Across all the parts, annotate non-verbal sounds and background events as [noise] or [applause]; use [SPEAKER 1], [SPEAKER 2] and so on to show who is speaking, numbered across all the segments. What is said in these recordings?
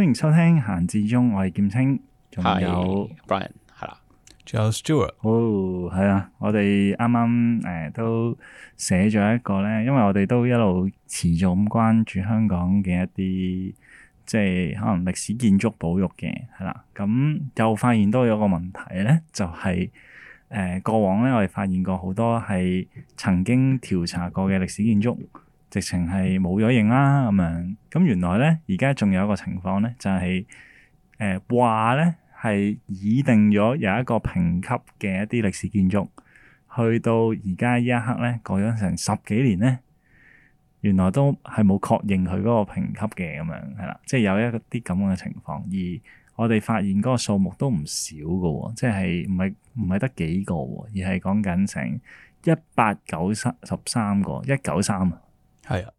[SPEAKER 1] 歡迎收聽閒至中，我係劍青，仲有
[SPEAKER 2] Brian 係啦，
[SPEAKER 3] 仲有 Stewart
[SPEAKER 1] 哦，係 [noise] 啊！我哋啱啱誒都寫咗一個咧，因為我哋都一路持續咁關注香港嘅一啲即係可能歷史建築保育嘅係啦，咁、嗯、又發現多咗個問題咧，就係、是、誒、呃、過往咧我哋發現過好多係曾經調查過嘅歷史建築。直情係冇咗影啦咁樣。咁原來咧，而家仲有一個情況咧，就係誒話咧係擬定咗有一個評級嘅一啲歷史建築，去到而家呢一刻咧，過咗成十幾年咧，原來都係冇確認佢嗰個評級嘅咁樣係啦。即係、就是、有一啲咁樣嘅情況，而我哋發現嗰個數目都唔少噶喎，即係唔係唔係得幾個喎，而係講緊成一百九十三個，一九三啊。
[SPEAKER 2] 係啊，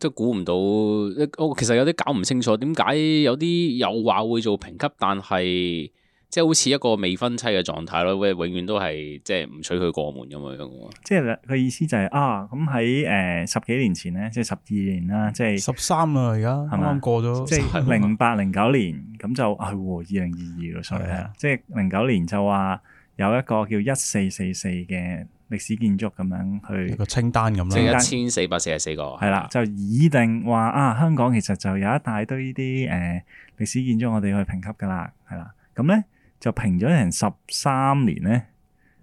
[SPEAKER 2] 即係估唔到，我其實有啲搞唔清楚，點解有啲又話會做評級，但係即係好似一個未婚妻嘅狀態咯，永永遠都係即係唔娶佢過門咁樣嘅。
[SPEAKER 1] 即係佢意思就係、是、啊，咁喺誒十幾年前咧，即係十二年啦，即係十三啦，而家啱啱過咗吧，即係零八零九年，咁就係二零二二咯啊，即係零九年就話有一個叫一四四四嘅。歷史建築咁樣去一個清單咁樣，一千
[SPEAKER 2] 四百四十四個係啦，的的
[SPEAKER 1] 就擬定話啊，香港其實就有一大堆呢啲誒歷史建築，我哋去評級噶啦，係啦，咁、嗯、咧就評咗成十三年咧，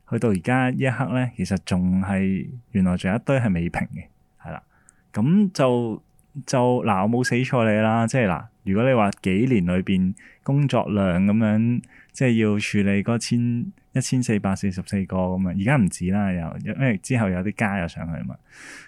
[SPEAKER 1] 去到而家一刻咧，其實仲係原來仲有一堆係未評嘅，係啦，咁、嗯、就就嗱、啊、我冇死錯你啦，即係嗱。如果你話幾年裏邊工作量咁樣，即係要處理嗰千一千四百四十幾個咁啊，而家唔止啦，又因為之後有啲加又上去嘛。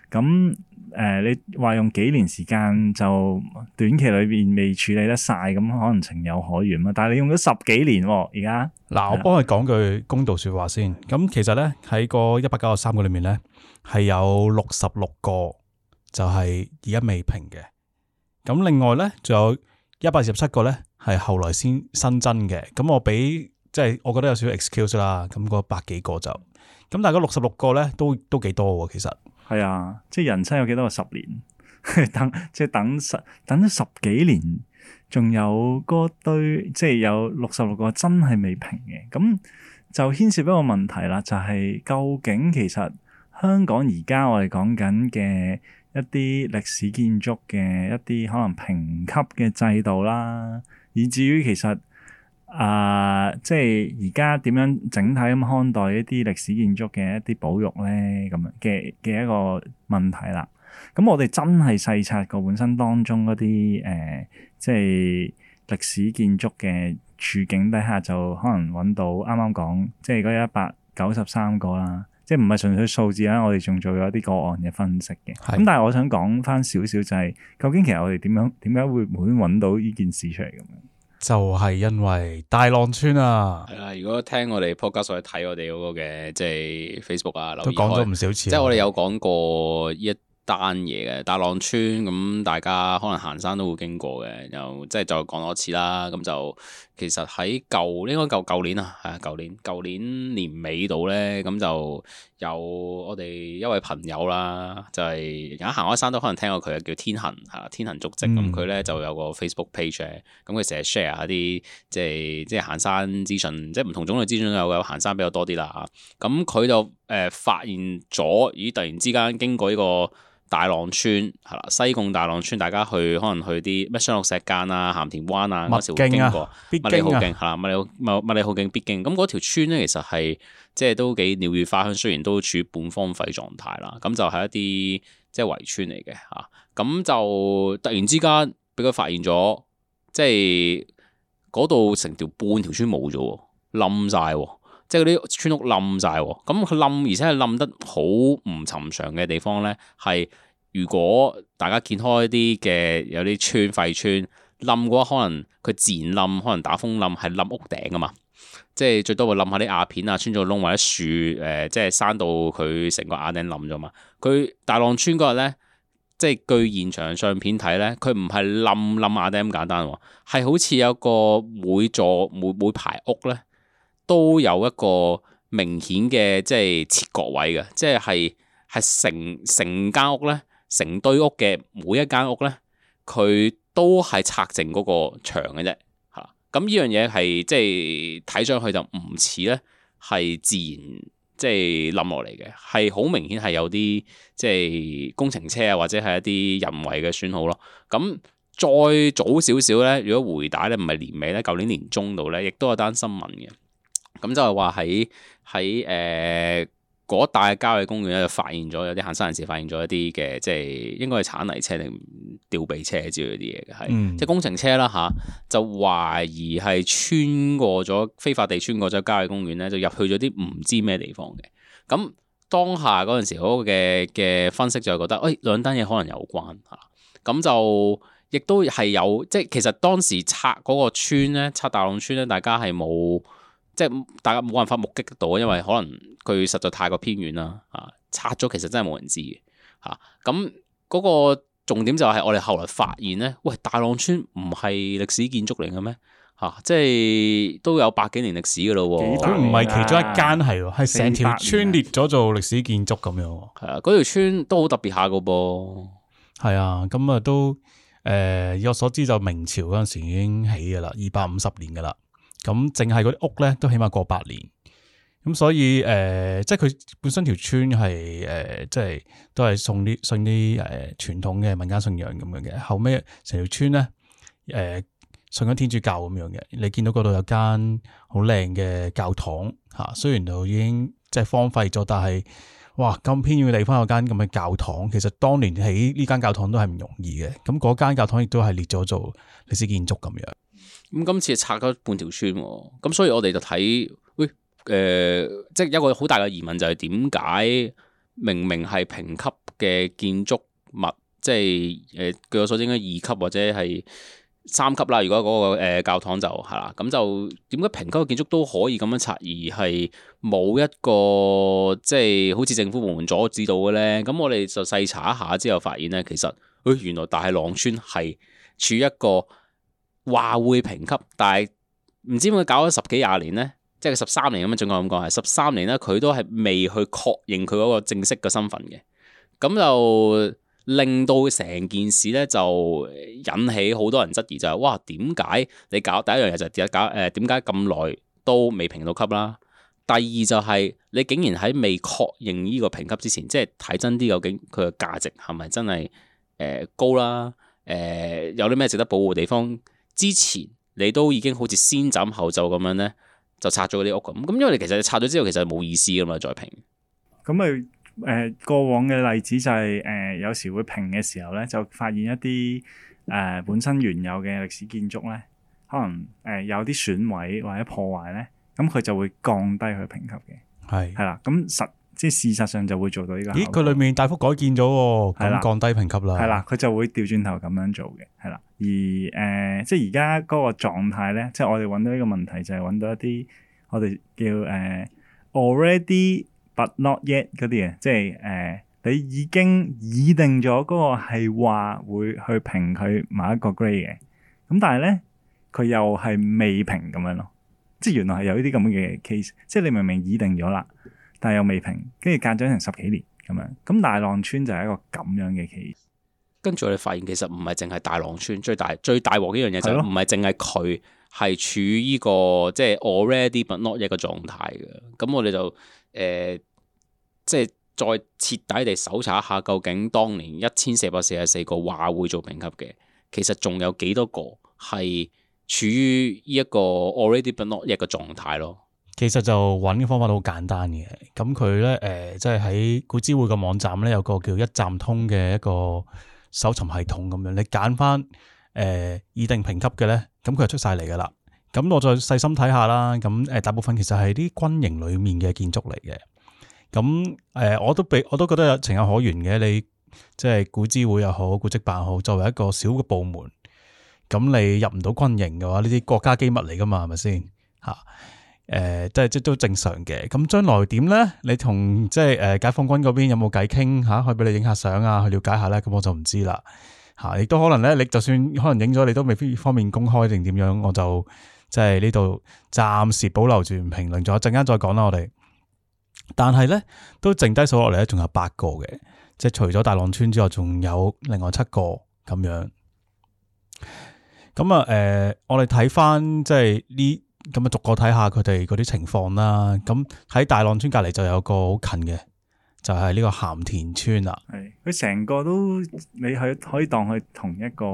[SPEAKER 1] 咁誒、呃，你話用幾年時間就短期裏邊未處理得晒咁，可能情有可原嘛。但係你用咗十幾年喎，而家
[SPEAKER 3] 嗱，我幫你講句公道説話先。咁其實咧，喺個一百九十三個裏面咧，係有六十六個就係而家未評嘅。咁另外咧，仲有一百二十七個咧，係後來先新增嘅。咁我俾即係，我覺得有少少 excuse 啦。咁嗰百幾個就，咁但係六十六個咧，都都幾多嘅啊，其實。
[SPEAKER 1] 係啊，即係人生有幾多個十年 [laughs] 等，即係等十等咗十幾年，仲有嗰對，即係有六十六個真係未平嘅。咁就牽涉一個問題啦，就係究竟其實香港而家我哋講緊嘅。一啲歷史建築嘅一啲可能評級嘅制度啦，以至於其實啊，即係而家點樣整體咁看待一啲歷史建築嘅一啲保育咧，咁樣嘅嘅一個問題啦。咁我哋真係細察個本身當中嗰啲誒，即係歷史建築嘅處境底下，就可能搵到啱啱講，即係嗰一百九十三個啦。即係唔係純粹數字啦，我哋仲做咗一啲個案嘅分析嘅。咁的但係我想講翻少少就係、是，究竟其實我哋點樣點解會無端端揾到呢件
[SPEAKER 3] 事出嚟咁？就係因為大浪村啊。
[SPEAKER 2] 係啊，如果聽我哋 Podcast 睇我哋嗰、那個嘅即、就、係、是、Facebook 啊，都講咗唔少次。即係我哋有講過一單嘢嘅大浪村，咁大家可能行山都會經過嘅，又即係再講多次啦。咁就。其實喺舊應該舊舊年啦，係啊，舊年舊年年尾度咧，咁就有我哋一位朋友啦，就係而家行開山都可能聽過佢嘅，叫天恒，係天恒足跡咁，佢咧就有個 Facebook page 咧，咁佢成日 share 一啲即係即係行山資訊，即係唔同種類資訊都有嘅，行山比較多啲啦。咁佢就誒、呃、發現咗咦，突然之間經過呢、這個。大浪村係啦，西貢大浪村，大家去可能去啲乜雙落石間啊、鹹田灣啊嗰時會經過，經啊、麥理浩徑係啦，麥理浩麥麥理浩徑必經，咁嗰條村咧其實係即係都幾鳥語花香，雖然都處半荒廢狀態啦，咁就係一啲即係圍村嚟嘅嚇，咁就突然之間俾佢發現咗，即係嗰度成條半條村冇咗喎，冧晒喎。即係啲村屋冧晒喎，咁佢冧，而且係冧得好唔尋常嘅地方咧。係如果大家見開啲嘅有啲村廢村冧嘅話,話，可能佢自然冧，可能打風冧，係冧屋頂啊嘛。即係最多會冧下啲瓦片啊，穿咗窿或者樹誒、呃，即係山到佢成個瓦頂冧咗嘛。佢大浪村嗰日咧，即係據現場相片睇咧，佢唔係冧冧瓦頂咁簡單，係好似有個每座每每排屋咧。都有一個明顯嘅，即係切割位嘅，即係係成成間屋咧，成堆屋嘅每一間屋咧，佢都係拆淨嗰個牆嘅啫嚇。咁呢樣嘢係即係睇上去就唔似咧，係自然即係冧落嚟嘅，係好明顯係有啲即係工程車啊，或者係一啲人為嘅損耗咯。咁再早少少咧，如果回打咧唔係年尾咧，舊年年中度咧，亦都有單新聞嘅。咁就係話喺喺誒嗰帶郊野公園咧，就發現咗有啲行山人士發現咗一啲嘅，即係應該係鏟泥車定吊臂車之類啲嘢嘅，係即、嗯、工程車啦吓、啊，就懷疑係穿過咗非法地，穿過咗郊野公園咧，就入去咗啲唔知咩地方嘅。咁當下嗰陣時，個時，嗰個嘅嘅分析就係覺得，誒、哎、兩單嘢可能有關嚇。咁、啊、就亦都係有即其實當時拆嗰個村咧，拆大浪村咧，大家係冇。即係大家冇辦法目擊得到，因為可能佢實在太過偏遠啦。吓、啊、拆咗其實真係冇人知吓，咁，嗰個重點就係我哋後來發現咧，喂，大浪村唔係歷史建築嚟嘅咩？吓、啊、即係都有百幾年幾百年歷史噶咯。佢唔係其中一間係，係成條村
[SPEAKER 3] 列咗做歷史建築咁樣。
[SPEAKER 2] 係啊，嗰條村都好特別下
[SPEAKER 3] 噶噃。係啊，咁啊都誒，呃、我所知就明朝嗰陣時已經起噶啦，二百五十年噶啦。咁淨係嗰啲屋咧，都起碼過百年。咁所以誒、呃，即係佢本身條村係誒、呃，即係都係信啲信啲誒傳統嘅民間信仰咁樣嘅。後尾，成條村咧誒，信、呃、緊天主教咁樣嘅。你見到嗰度有間好靚嘅教堂嚇，雖然就已經即係荒廢咗，但係哇咁偏遠嘅地方有間咁嘅教堂，其實當年起呢間教堂都係唔容易嘅。咁嗰間教堂亦都係列咗做歷史建築咁
[SPEAKER 2] 樣。咁今次拆咗半條村，咁所以我哋就睇，喂、哎，誒、呃，即係一個好大嘅疑問就係點解明明係評級嘅建築物，即係誒、呃、據我所知應該二級或者係三級啦。如果嗰、那個、呃、教堂就係啦，咁就點解評級嘅建築都可以咁樣拆，而係冇一個即係好似政府部門阻止到嘅咧？咁我哋就細查一下之後發現咧，其實，誒、哎，原來大浪村係處於一個，話會評級，但係唔知點解搞咗十幾廿年呢？即係十三年咁樣，總講咁講係十三年呢，佢都係未去確認佢嗰個正式嘅身份嘅，咁就令到成件事呢，就引起好多人質疑，就是，就係哇，點解你搞第一樣嘢就跌一搞誒，點解咁耐都未評到級啦？第二就係、是、你竟然喺未確認呢個評級之前，即係睇真啲究竟佢嘅價值係咪真係誒、呃、高啦？誒、呃、有啲咩值得保護地方？之前你都已經好似先斬後奏咁樣咧，就拆咗嗰啲屋咁。咁因為你其實你拆咗之後，其實冇意思噶嘛，再評。
[SPEAKER 1] 咁咪誒過往嘅例子就係、是、誒有時會評嘅時候咧，就發現一啲誒本身原有嘅歷史建築咧，可能誒有啲損毀或者破壞咧，咁佢就會降低佢評級嘅。係係啦，咁實。即係事實上就會做到呢個。咦？佢
[SPEAKER 3] 裡面大幅改建咗，咁降低評級啦。係啦，佢
[SPEAKER 1] 就會調轉頭咁樣做嘅，係啦。而誒、呃，即係而家嗰個狀態咧，即係我哋揾到一個問題，就係揾到一啲我哋叫誒、呃、already but not yet 嗰啲嘢，即係誒、呃、你已經擬定咗嗰個係話會去評佢某一個 grade 嘅，咁但係咧佢又係未評咁樣咯。即係原來係有呢啲咁嘅 case，即係你明明擬定咗啦。但又未評，跟住間咗成十幾年咁樣，咁大浪村就係一個咁樣嘅企業。
[SPEAKER 2] 跟住我哋發現其實唔係淨係大浪村，最大最大鑊呢樣嘢就唔係淨係佢係處於呢、這個即係、就是、already but not yet 嘅狀態嘅。咁我哋就誒即係再徹底地搜查一下，究竟當年一千四百四十四個話會做評級嘅，其實仲有幾多個係處於呢一個 already but not yet 嘅狀態咯？
[SPEAKER 3] 其實就揾嘅方法都好簡單嘅。咁佢咧，誒、呃，即係喺古諮會個網站咧，有個叫一站通嘅一個搜尋系統咁樣。你揀翻誒，擬、呃、定評級嘅咧，咁佢就出晒嚟噶啦。咁我再細心睇下啦。咁誒，大部分其實係啲軍營裏面嘅建築嚟嘅。咁誒、呃，我都俾我都覺得有情有可原嘅。你即係古諮會又好，古蹟辦好，作為一個小嘅部門，咁你入唔到軍營嘅話，呢啲國家機密嚟噶嘛，係咪先吓？誒、呃，即係即都正常嘅，咁將來點咧？你同即係誒、呃、解放軍嗰邊有冇偈傾吓？可以俾你影下相啊，去了解下咧，咁我就唔知啦，吓，亦、啊、都可能咧，你就算可能影咗，你都未必方便公開定點樣，我就即係呢度暫時保留住唔評論咗，一陣間再講啦，我哋。但係咧，都剩低數落嚟咧，仲有八個嘅，即係除咗大浪村之外，仲有另外七個咁樣。咁啊，誒、呃呃，我哋睇返即係呢。咁啊，逐個睇下佢哋嗰啲情況啦。咁喺大浪村隔籬就有個好近嘅，就係、是、呢個鹹田村啦。
[SPEAKER 1] 係，佢成個都你係可以當佢同一個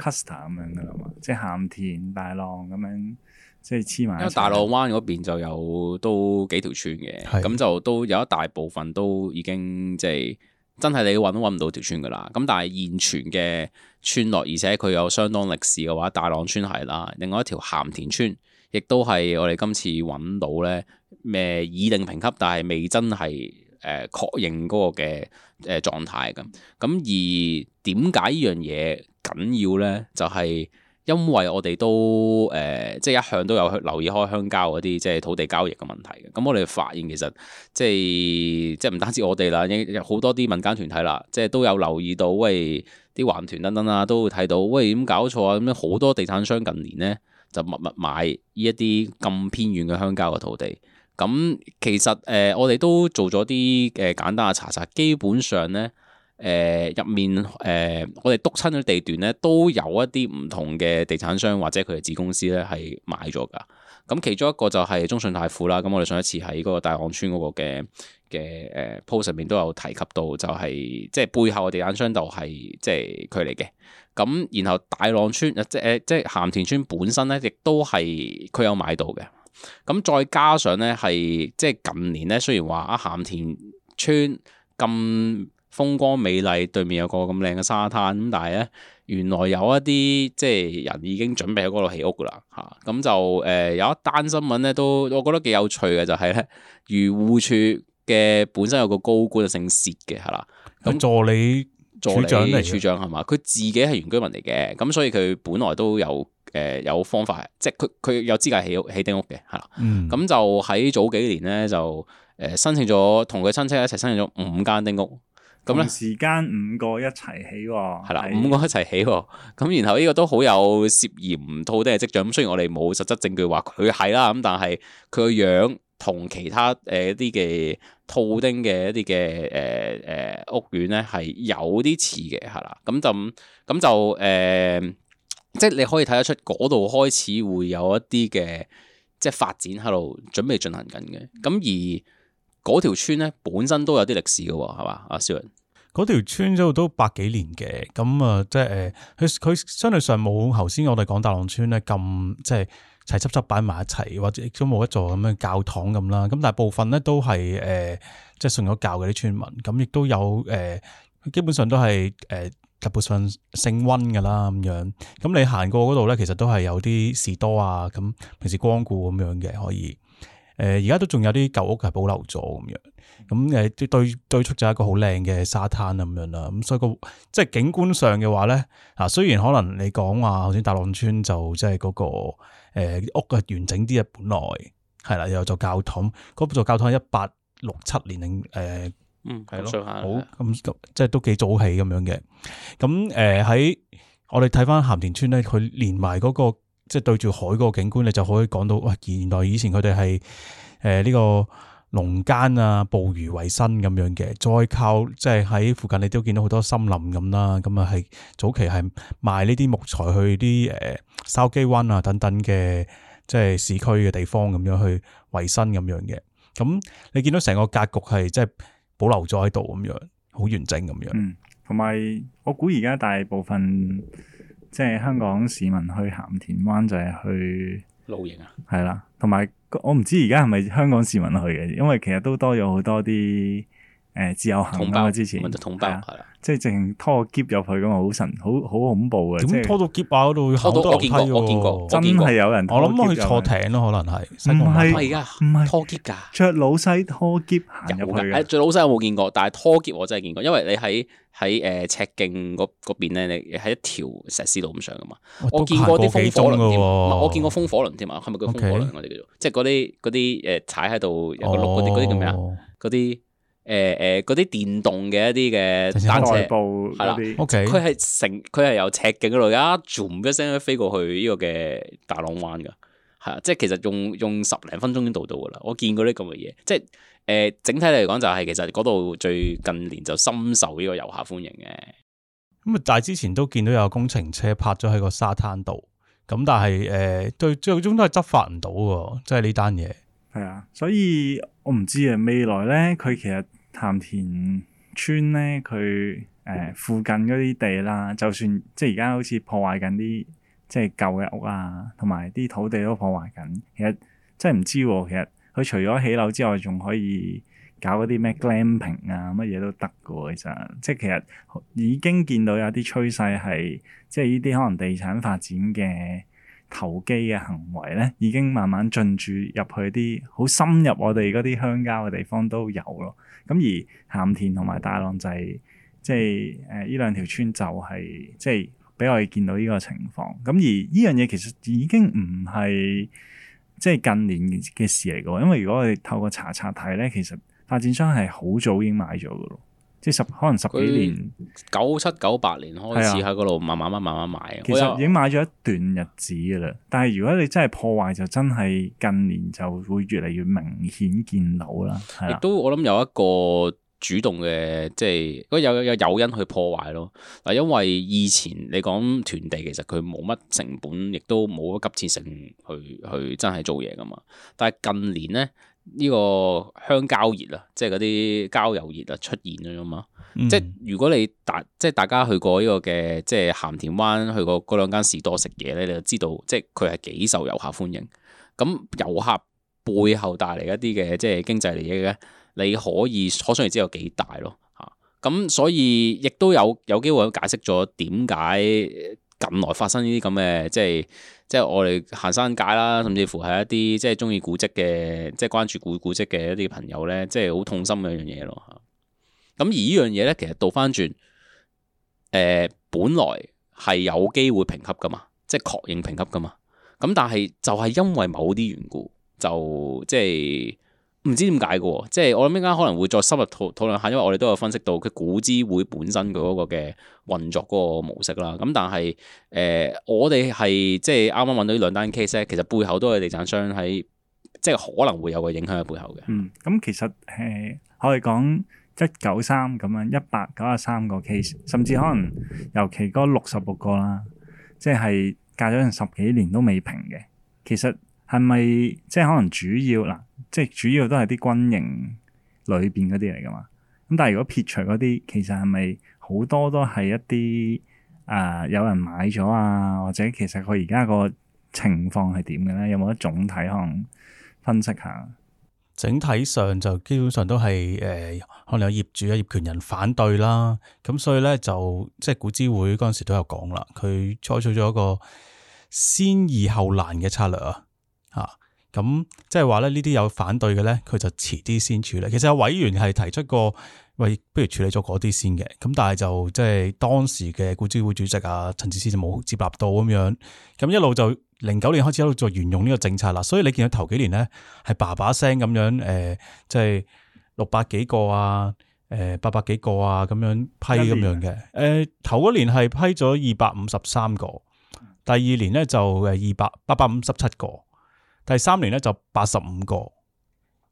[SPEAKER 1] cluster 咁樣噶啦嘛，即係鹹田、大浪咁樣，即係黐埋。因為大浪
[SPEAKER 2] 灣嗰邊就有都幾條村嘅，咁的就都有一大部分都已經即係真係你揾都揾唔到條村噶啦。咁但係現存嘅村落，而且佢有相當歷史嘅話，大浪村係啦，另外一條鹹田村。亦都係我哋今次揾到呢咩，擬定評級，但係未真係誒確認嗰個嘅誒狀態咁。咁而點解呢樣嘢緊要呢？就係、是、因為我哋都誒、呃、即係一向都有去留意開鄉郊嗰啲即係土地交易嘅問題嘅。咁我哋發現其實即係即係唔單止我哋啦，好多啲民間團體啦，即係都有留意到喂，啲環團等等啊，都會睇到喂，點搞錯啊，咁樣好多地產商近年呢。就密密買呢一啲咁偏遠嘅鄉郊嘅土地，咁其實誒、呃、我哋都做咗啲誒簡單嘅查冊，基本上呢誒入面誒、呃、我哋督親嘅地段呢，都有一啲唔同嘅地產商或者佢哋子公司呢係買咗噶，咁其中一個就係中信泰富啦，咁我哋上一次喺嗰個大浪村嗰個嘅。嘅誒 post 上面都有提及到，就係即係背後嘅地產商度係即係佢嚟嘅。咁然後大浪村啊，即係即係鹹田村本身咧，亦都係佢有買到嘅。咁再加上咧，係即係近年咧，雖然話啊鹹田村咁風光美麗，對面有個咁靚嘅沙灘，咁但係咧原來有一啲即係人已經準備喺嗰度起屋噶啦嚇。咁就誒有一單新聞咧，都我覺得幾有趣嘅，就係咧漁護處嘅本身有個高官姓薛嘅係啦，
[SPEAKER 3] 咁、嗯、助理
[SPEAKER 2] 署長嚟處長係嘛？佢自己係原居民嚟嘅，咁所以佢本來都有誒、呃、有方法，即係佢佢有資格起起丁屋嘅係啦。咁、嗯、就喺早幾年咧就誒申請咗同佢親戚一齊申請咗五間丁屋，
[SPEAKER 1] 咁、嗯、咧時間五個一齊起喎，
[SPEAKER 2] 係啦的，五個一齊起喎。咁然後呢個都好有涉嫌唔套丁嘅跡象，咁雖然我哋冇實質證據話佢係啦，咁但係佢個樣同其他誒一啲嘅，呃呃呃呃呃呃套丁嘅一啲嘅誒誒屋苑咧，係有啲似嘅，係啦。咁就咁就誒，即係你可以睇得出嗰度開始會有一啲嘅即係發展喺度，準備進行緊嘅。咁而嗰條村咧，本身都有啲歷史嘅，係嘛？阿肖文，
[SPEAKER 3] 嗰條村嗰度都百幾年嘅，咁啊，即係誒，佢佢相對上冇頭先我哋講大浪村咧咁即係。齊執執擺埋一齊，或者亦都冇一座咁樣教堂咁啦。咁大部分咧都係誒，即係信咗教嘅啲村民。咁亦都有誒、呃，基本上都係誒大部分姓温嘅啦咁樣。咁你行過嗰度咧，其實都係有啲士多啊，咁平時光顧咁樣嘅可以。誒而家都仲有啲舊屋係保留咗咁樣。咁誒對對出就係一個好靚嘅沙灘啊咁樣啦。咁所以個即係景觀上嘅話咧，嗱雖然可能你講話頭先大浪村就即係嗰個。誒、呃、屋啊完整啲啊，本來係啦，有座教堂，嗰座教堂係一八六七年誒，嗯，係咯，好咁即係都幾早起咁樣嘅。咁誒喺我哋睇返鹹田村咧，佢連埋嗰、那個即係、就是、對住海嗰個景觀，你就可以講到哇，原來以前佢哋係誒呢個。農耕啊，捕魚為生咁樣嘅，再靠即係喺附近，你都見到好多森林咁啦。咁啊，係早期係賣呢啲木材去啲誒筲箕灣啊等等嘅，即係市區嘅地方咁樣去維生咁樣嘅。咁你見到成個格局係即係保留咗喺度咁樣，好完整咁樣。
[SPEAKER 1] 嗯，同埋我估而家大部分即係香港市民去鹹田灣就係去露營啊，係啦，同埋。我唔知而家係咪香港市民去嘅，因為其實都多咗好多啲。誒，自由行咁啊，
[SPEAKER 2] 之前就同胞係
[SPEAKER 1] 啦，即係淨拖個篋入去咁啊，好神，好好恐怖嘅。點拖到
[SPEAKER 3] 篋啊度？拖到我見過，見過，
[SPEAKER 2] 真係有人。我諗佢坐艇咯，可能係。唔係，唔
[SPEAKER 3] 係拖篋噶，
[SPEAKER 1] 着老西拖篋
[SPEAKER 2] 入去嘅。着老西我冇見過，但係拖篋我真係見過，因為你喺喺誒赤徑嗰嗰邊咧，你喺一條石屎路咁上噶嘛。我見過啲風火輪添，我見過風火輪添嘛，係咪叫風火輪我哋叫做？即係嗰啲啲誒踩喺度有個轆嗰啲叫咩啊？嗰啲。誒誒嗰啲電動嘅一啲嘅單車，係啦，Okay 佢係成佢係由赤徑嗰度，而家 Zoom 一聲都飛過去呢個嘅大浪灣噶，係啊，即係其實用用十零分鐘已經到到噶啦。我見過呢咁嘅嘢，即係誒、呃、整體嚟講就係、是、其實嗰度最近年就深受呢個遊客歡迎嘅。
[SPEAKER 3] 咁啊，但係之前都見到有工程車泊咗喺個沙灘度，咁但係誒、呃、對最終都係執法唔到㗎，即係呢單嘢。係啊，所以
[SPEAKER 1] 我唔知啊，未來咧佢其實。鹹田村咧，佢誒、呃、附近嗰啲地啦，就算即係而家好似破壞緊啲即係舊嘅屋啊，同埋啲土地都破壞緊，其實真係唔知喎、啊，其實佢除咗起樓之外，仲可以搞嗰啲咩 glamping 啊，乜嘢都得噶，其實即係其實已經見到有啲趨勢，係即係呢啲可能地產發展嘅投機嘅行為咧，已經慢慢進駐入去啲好深入我哋嗰啲鄉郊嘅地方都有咯。咁而鹹田同埋大浪仔，即係誒呢兩條村就係、是、即係畀我哋見到呢個情況。咁而呢樣嘢其實已經唔係即係近年嘅事嚟嘅，因為如果我哋透過查冊睇咧，其實發展商係好早已經買咗咯。即十可能十幾年
[SPEAKER 2] 九七九八年開始喺嗰度慢慢慢、啊、慢慢買，其實已經
[SPEAKER 1] 買咗一段日子㗎喇。啊、但係如果你真係破壞，就真係近年就會越嚟越明顯見到啦。亦、
[SPEAKER 2] 啊、都我諗有一個主動嘅，即係如果有有有因去破壞咯。嗱，因為以前你講囤地，其實佢冇乜成本，亦都冇急切性去去、去真係做嘢㗎嘛。但係近年呢。呢個香膠熱、就是、交熱啊，即係嗰啲郊遊熱啊出現咗嘛？嗯、即係如果你大，即係大家去過呢、呢個嘅，即係鹹田灣去過嗰兩間士多食嘢咧，你就知道，即係佢係幾受遊客歡迎。咁遊客背後帶嚟一啲嘅，即係經濟利益咧，你可以可想而知有幾大咯嚇。咁所以亦都有有機會解釋咗點解。近來發生呢啲咁嘅，即係即係我哋行山界啦，甚至乎係一啲即係中意古蹟嘅，即係關注古古蹟嘅一啲朋友咧，即係好痛心嘅一樣嘢咯吓。咁而呢樣嘢咧，其實倒返轉，誒、呃、本來係有機會評級㗎嘛，即係確認評級㗎嘛。咁但係就係因為某啲緣故，就即係。唔知點解嘅，即係我諗依家可能會再深入討討論下，因為我哋都有分析到佢古諮會本身佢嗰個嘅運作嗰個模式啦。咁但係誒、呃，我哋係即係啱啱揾到呢兩單 case 咧，其實背後都係地產商喺即係可能會有個影響喺背後嘅、嗯。嗯，
[SPEAKER 1] 咁其實誒，可以講一九三咁樣一百九十三個 case，甚至可能尤其嗰六十六個啦，即係隔咗成十幾年都未評嘅，其實係咪即係可能主要嗱？即係主要都係啲軍營裏邊嗰啲嚟㗎嘛，咁但係如果撇除嗰啲，其實係咪好多都係一啲誒、呃、有人買咗啊，或者其實佢而家個情況係點嘅咧？有冇一總體可能分析下？
[SPEAKER 3] 整體上就基本上都係誒、呃，可能有業主啊、業權人反對啦，咁所以咧就即係古諮會嗰陣時都有講啦，佢採取咗一個先易後難嘅策略啊。咁即係話咧，呢啲有反對嘅咧，佢就遲啲先處理。其實有委員係提出過喂、哎，不如處理咗嗰啲先嘅。咁但係就即係當時嘅古諮會主席啊陳智思就冇接納到咁樣。咁一路就零九年開始一路做沿用呢個政策啦。所以你見到頭幾年咧係啪啪聲咁樣，誒、呃，即係六百幾個啊，誒、呃，八百幾個啊，咁樣批咁樣嘅。誒、呃，頭一年係批咗二百五十三個，第二年咧就誒二百八百五十七個。第三年咧就八十五個，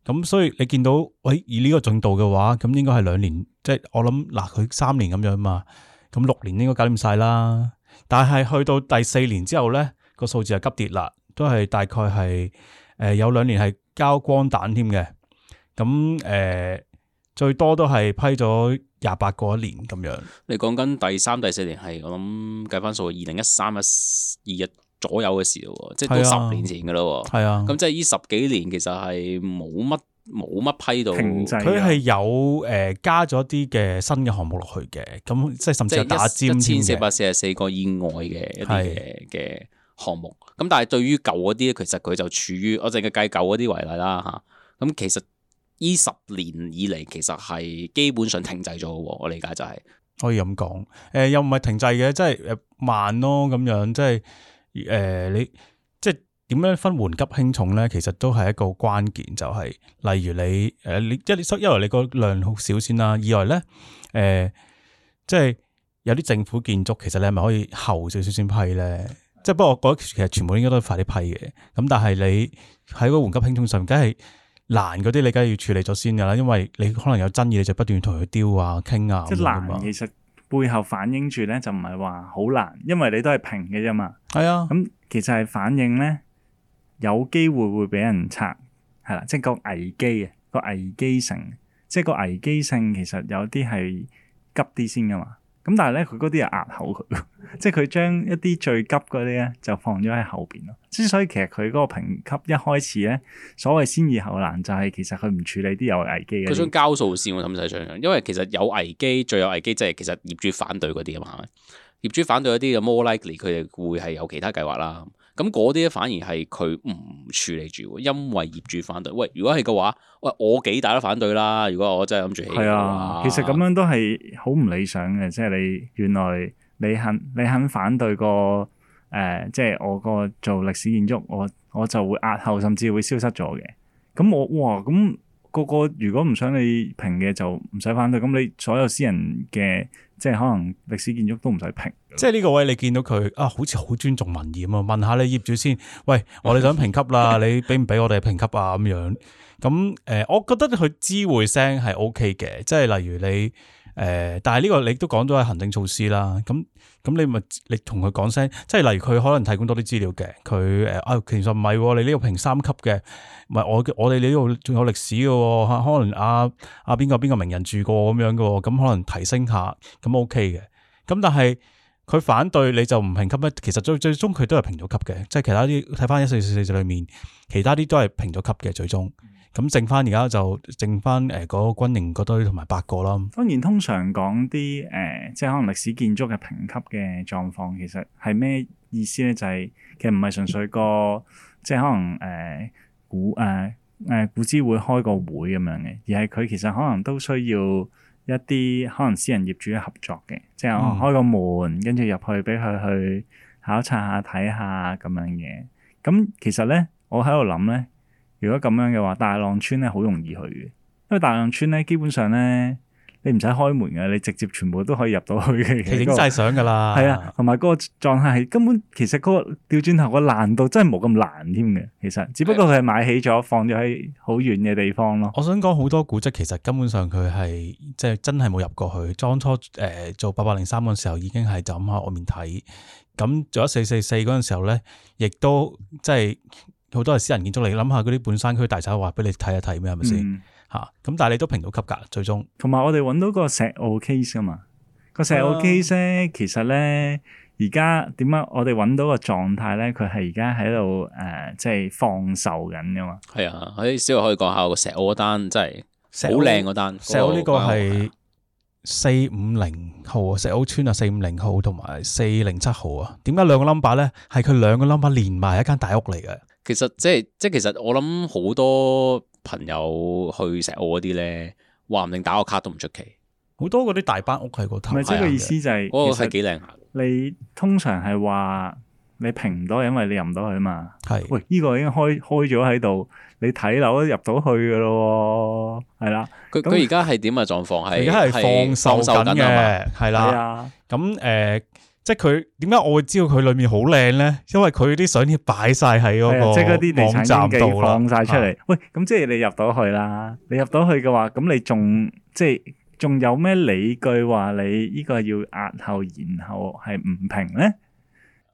[SPEAKER 3] 咁所以你見到，喂、哎，以呢個進度嘅話，咁應該係兩年，即係我諗嗱，佢、呃、三年咁樣啊嘛，咁六年應該搞掂晒啦。但係去到第四年之後咧，個數字係急跌啦，都係大概係誒、呃、有兩年係交光蛋添嘅，咁誒、呃、最多都係批咗廿八個一年咁樣。
[SPEAKER 2] 你講緊第三、第四年係我諗計翻數，二零一三一二一。左右嘅事咯，即係都十年前噶啦，係啊。咁即係呢十幾年其實係冇乜冇乜批到。停滯。佢係、
[SPEAKER 3] 啊、有誒、呃、加咗啲嘅新嘅項目落去嘅，咁即係甚至打尖啲一千四百
[SPEAKER 2] 四十四個以外嘅一啲嘅嘅項目。咁但係對於舊嗰啲其實佢就處於我淨係計舊嗰啲為例啦吓。咁、啊、其實呢十年以嚟，其實係基本上停滯咗。我理解就係、
[SPEAKER 3] 是、可以咁講，誒、呃、又唔係停滯嘅，即係誒慢咯咁樣，即係。誒、呃、你即係點樣分緩急輕重咧？其實都係一個關鍵，就係、是、例如你誒、呃、你一一來你個量好少先啦，二來咧誒即係有啲政府建築其實你係咪可以後少少先批咧？即係不過我覺得其實全部應該都係快啲批嘅。咁但係你喺個緩急輕重上，梗係難嗰啲你梗係要處理咗先㗎喇，因為你可能有爭議，你就不斷同佢 deal 啊傾拗咁樣啊嘛。
[SPEAKER 1] 即背後反映住咧就唔係話好難，因為你都係平嘅啫嘛。係啊，咁、嗯、其實係反映咧，有機會會俾人拆，係啦，即係個危機啊，個危機性，即係個危機性，其實有啲係急啲先噶嘛。咁但係咧，佢嗰啲係壓後佢，即係佢將一啲最急嗰啲咧就放咗喺後邊咯。之所以其實佢嗰個評級一開始咧，所謂先易後難就係其實佢唔處理啲有危機嘅。佢想
[SPEAKER 2] 交數先，我諗晒上想，因為其實有危機，最有危機就係其實業主反對嗰啲啊嘛。業主反對一啲就 more likely 佢哋會係有其他計劃啦。咁嗰啲反而係佢唔處理住，因為業主反對。喂，如果係嘅話，喂，我幾大都反對啦。如果我真係諗住起嘅話，其實咁
[SPEAKER 1] 樣都係好唔理想嘅。即係你原來你肯你肯反對個誒、呃，即係我個做歷史建築，我我就會壓後，甚至會消失咗嘅。咁我哇，咁、那個個如果唔想你評嘅就唔使反對。咁你所有私人嘅。即係可能歷史建築都唔使評，
[SPEAKER 3] 即係呢個位你見到佢啊，好似好尊重民意咁啊！問下你業主先，喂，我哋想評級啦， [laughs] 你俾唔俾我哋評級啊？咁樣咁誒、呃，我覺得佢知會聲係 OK 嘅，即係例如你。誒，但係呢個你都講咗係行政措施啦，咁咁你咪你同佢講聲，即係例如佢可能提供多啲資料嘅，佢誒啊其實唔係，你呢個評三級嘅，唔係我我哋呢度仲有歷史嘅喎吓，可能阿阿邊個邊個名人住過咁樣嘅喎，咁可能提升下，咁 OK 嘅，咁但係佢反對你就唔評級咩？其實最最終佢都係評咗級嘅，即係其他啲睇翻一四四四裏面，其他啲都係評咗級嘅最終。咁剩翻而家就剩翻誒嗰個軍營嗰堆同埋八個啦。
[SPEAKER 1] 當然，通常講啲誒，即係可能歷史建築嘅評級嘅狀況，其實係咩意思咧？就係、是、其實唔係純粹個，即係可能誒、呃、古誒誒、呃、古諮會開個會咁樣嘅，而係佢其實可能都需要一啲可能私人業主嘅合作嘅，即可能開個門跟住入去畀佢去考察下睇下咁樣嘅。咁其實咧，我喺度諗咧。如果咁樣嘅話，大浪村咧好容易去嘅，因為大浪村咧基本上咧，你唔使開門嘅，你直接全部都可以入到去嘅。影晒相㗎喇，係啊、那個，同埋嗰個狀態係根本其實嗰個調轉頭個難度真係冇咁難添嘅，其實只不過佢係買起咗，放咗喺好遠嘅地方咯。
[SPEAKER 3] 的我想講好多古蹟其實根本上佢係即係真係冇入過去，當初誒、呃、做八百零三嗰陣時候已經係就喺外面睇，咁做咗一四四四嗰陣時候咧，亦都即係。好多係私人建築嚟，你諗下嗰啲半山區大宅，話俾你睇一睇咩，係咪先吓？咁、嗯啊、但係你都評到級噶，最終
[SPEAKER 1] 同埋我哋揾到個石澳 case 啊嘛。個石澳 case 咧，啊、其實咧而家點解我哋揾到個狀態咧，佢係而家喺
[SPEAKER 3] 度誒，即係放售緊噶嘛。
[SPEAKER 2] 係啊，小樂可以講下個石澳嗰單真係好靚嗰單。石澳呢個係
[SPEAKER 3] 四零五號、啊、石澳村啊，四零五號同埋四零七號啊。點解兩個 number 咧係佢兩個 number 連埋一間大屋嚟嘅？
[SPEAKER 2] 其實即係即係，其實我諗好多朋友去石澳嗰啲咧，話唔定打個卡都唔出奇。好多嗰啲大班屋喺嗰頭，咪即係個意思就係，其實
[SPEAKER 1] 你通常係話你平唔到，因為你入唔到去啊嘛。係喂，呢個已經開開咗喺度，你睇樓都入到去噶咯，
[SPEAKER 2] 係啦。佢咁而家係點嘅狀況？係而家係放售緊嘅，係啦。
[SPEAKER 3] 咁誒。即係，佢點解我會知道佢裏面好靚咧？因為佢啲相片擺晒喺嗰個網站度啦。放晒出嚟，是的
[SPEAKER 1] 喂，咁即係你入到去啦。你入到去嘅話，咁你仲即係仲有咩理據話你呢個要壓後，然後係唔平咧？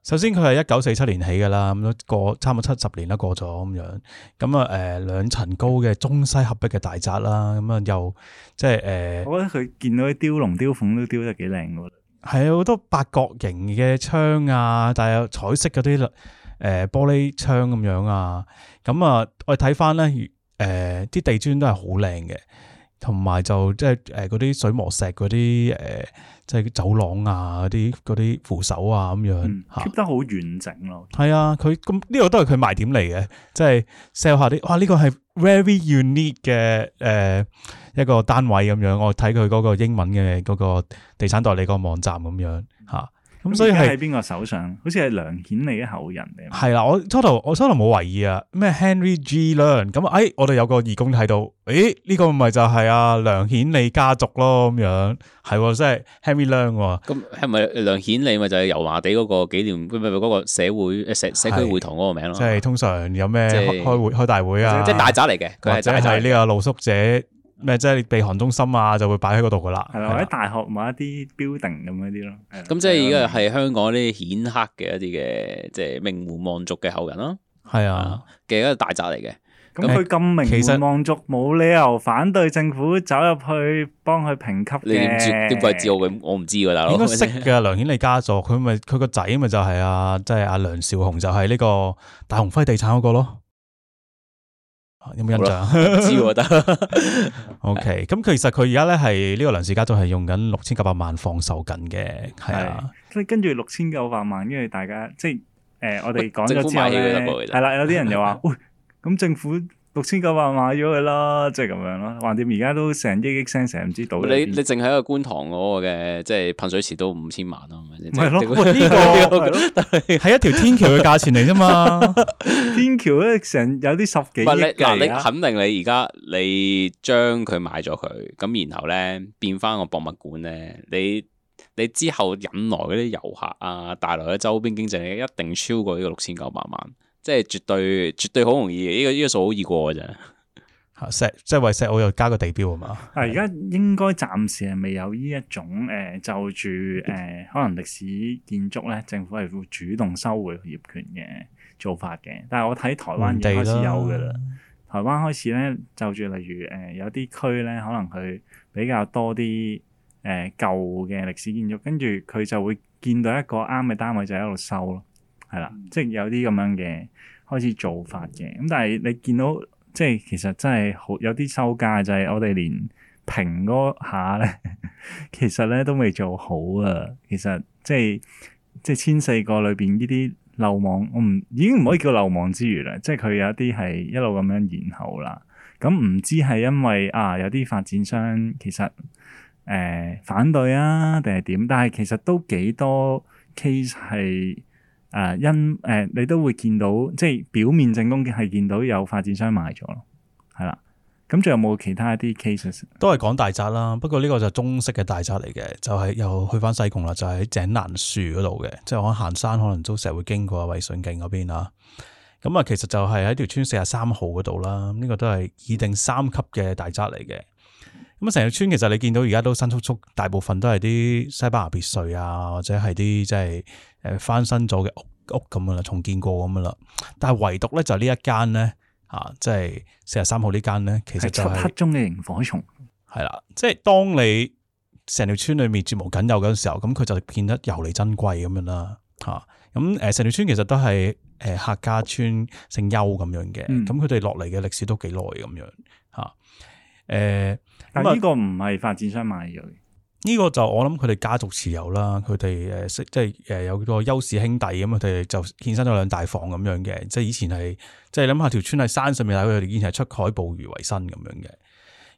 [SPEAKER 3] 首先佢係一九四七年起噶啦，咁都過差唔多七十年啦，過咗咁樣。咁、呃、啊，誒，兩層高嘅中西合璧嘅大宅啦，咁啊又即係誒。呃、
[SPEAKER 1] 我覺得佢見到啲雕龍雕鳳都雕得幾靚噶
[SPEAKER 3] 係啊，好多八角形嘅窗啊，但係彩色嗰啲誒玻璃窗咁樣啊，咁、嗯、啊我哋睇翻咧，誒啲地磚都係好靚嘅，同埋就即係誒嗰啲水磨石嗰啲誒即係走廊啊嗰啲啲扶手啊咁樣，keep 得好完整咯。係啊，佢咁呢個都係佢賣點嚟嘅，即係 sell 下啲哇呢、呢個係 very unique 嘅誒。呃一個單位咁樣，我睇佢嗰個英文嘅嗰個地產代理個網站咁樣嚇，咁、啊、所以係喺
[SPEAKER 1] 邊個手上？好似係梁顯利嘅後人嚟。
[SPEAKER 3] 係啦，我初頭我初頭冇懷疑啊，咩 Henry G. Learn 咁，哎，我哋有個義工睇到，誒呢、這個咪就係阿梁顯利家族咯咁樣，係即、啊、係、就是、Henry Learn 喎。
[SPEAKER 2] 咁係咪梁顯利咪就係油麻地嗰個紀念，唔係唔嗰個社會、那個、社會社，社區會堂嗰個名咯？即
[SPEAKER 3] 係、就是、通常有咩開會、就是、開大會啊？即係、就是就是、大宅嚟嘅，大宅或者係呢個露宿者。咩即係避寒中心啊，就會擺喺嗰度噶啦。係啦對，或者了大
[SPEAKER 1] 學某一啲 building 咁嗰
[SPEAKER 2] 啲咯。咁即係而家係香港啲顯赫嘅一啲嘅，即係名門望族嘅後人咯。係啊，嘅一個大宅嚟嘅。咁佢咁名門
[SPEAKER 1] 望族，冇理由反
[SPEAKER 3] 對政府走入去幫佢評級
[SPEAKER 2] 你點知？點鬼知我我唔知喎，大佬。應
[SPEAKER 3] 該識嘅梁顯利家族，佢咪佢個仔咪就係啊，即係阿梁少雄，就係呢個大鴻輝地產嗰個咯。有冇印象？唔知喎，得。O K，咁其實佢而、這個、家咧係呢個梁氏家族係用緊六千九百萬放售緊嘅，係啊。
[SPEAKER 1] 跟跟住六千九百萬，因為大家即係誒、呃，我哋講咗之後咧，係啦，有啲人就話
[SPEAKER 2] 的喂，
[SPEAKER 1] 咁政府。六千九百萬買咗佢啦，即係咁樣咯。橫掂而家都成億億聲，成唔知道你。你你
[SPEAKER 2] 淨係一個觀塘嗰個嘅，即係噴水池都五千萬咯。係咯，呢個係咯，係一條天橋嘅價錢嚟啫嘛。
[SPEAKER 1] [laughs] 天橋咧成有啲十幾億嗱、呃，你肯
[SPEAKER 2] 定你而家你將佢買咗佢，咁然後咧變翻個博物館咧，你你之後引來嗰啲遊客啊，帶來嘅周邊經濟一定超過呢個六千九百萬。即係絕對，絕對好容易嘅。呢、這個呢個數好易過嘅
[SPEAKER 3] 咋，石即係為石澳又加個地標啊嘛。啊，而
[SPEAKER 2] 家
[SPEAKER 1] 應該暫時係未有呢一種誒，就住誒可能歷史建築咧，政府係會主動收回業權嘅做法嘅。但係我睇台灣已經開始有㗎啦。台灣開始咧，就住例如誒、呃、有啲區咧，可能佢比較多啲誒、呃、舊嘅歷史建築，跟住佢就會見到一個啱嘅單位就喺度收咯。係啦，即係有啲咁樣嘅開始做法嘅咁，但係你見到即係其實真係好有啲收架，就係我哋連評嗰下咧，其實咧都未做好啊。其實即係即係千四個裏邊呢啲漏網，我唔已經唔可以叫漏網之魚啦。即係佢有一啲係一路咁樣延後啦。咁唔知係因為啊有啲發展商其實誒、呃、反對啊，定係點？但係其實都幾多 case 係。誒、啊、因誒、呃、你都會見到，即係表面證供嘅係見到有發展商買咗咯，係啦。咁、嗯、仲有冇其他啲 cases？
[SPEAKER 3] 都係講大宅啦，不過呢個就中式嘅大宅嚟嘅，就係、是、又去翻西貢啦，就喺、是、井欄樹嗰度嘅，即、就、係、是、我行山可能都成日會經過衛奕信徑嗰邊啊。咁啊，其實就係喺條村四十三號嗰度啦。呢、這個都係二定三級嘅大宅嚟嘅。咁成條村其實你見到而家都新簇簇，大部分都係啲西班牙別墅啊，或者係啲即係誒翻新咗嘅屋屋咁啦，重建過咁啦。但係唯獨咧就呢一間咧吓，即係四十三號呢間咧，其實就係黑中嘅螢火蟲係啦。即係當你成條村裏面絕無僅有嗰陣時候，咁佢就變得尤嚟珍貴咁樣啦吓。咁、啊、誒，成條村其實都係誒客家村姓邱咁樣嘅，咁佢哋落嚟嘅歷史都幾耐咁樣吓誒。啊啊但係
[SPEAKER 1] 呢個唔係發展商買嘅、
[SPEAKER 3] 嗯，呢、這個就我諗佢哋家族持有啦，佢哋誒識即係誒、呃、有個優氏兄弟咁佢哋就現身咗兩大房咁樣嘅，即係以前係即係諗下條村喺山上面，但佢哋以前係出海捕魚為生咁樣嘅，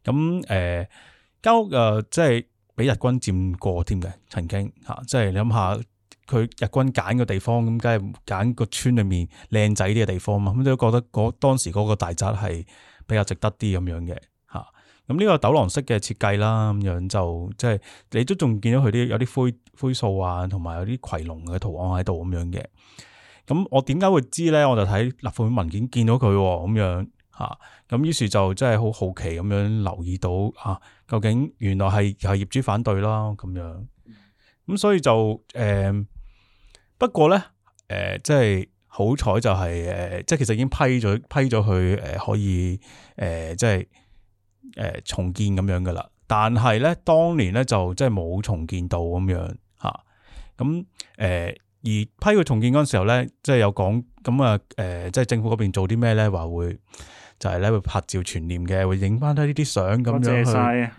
[SPEAKER 3] 咁誒間屋、呃、即係俾日軍佔過添嘅，曾經嚇，即係諗下佢日軍揀嘅地方咁，梗係揀個村裏面靚仔啲嘅地方嘛，咁都覺得嗰當時嗰個大宅係比較值得啲咁樣嘅。咁呢個斗廊式嘅設計啦，咁、嗯、樣就即係、就是、你都仲見到佢啲有啲灰灰塑啊，同埋有啲夔龍嘅圖案喺度咁樣嘅。咁我點解會知咧？我就睇立法會文件見到佢喎，咁樣吓。咁、啊、於是就即係好好奇咁樣留意到啊，究竟原來係係業主反對啦，咁樣。咁、啊、所以就誒、呃， [noise] 不過咧誒、呃就是呃，即係好彩就係誒，即係其實已經批咗批咗佢誒，可以誒，即係。誒、呃、重建咁樣嘅啦，但係咧當年咧就即係冇重建到咁樣嚇，咁、啊、誒、呃、而批佢重建嗰陣時候咧，即係有講咁啊誒，即係政府嗰邊做啲咩咧話會就係、是、咧會拍照存念嘅，會影翻低呢啲相咁樣去，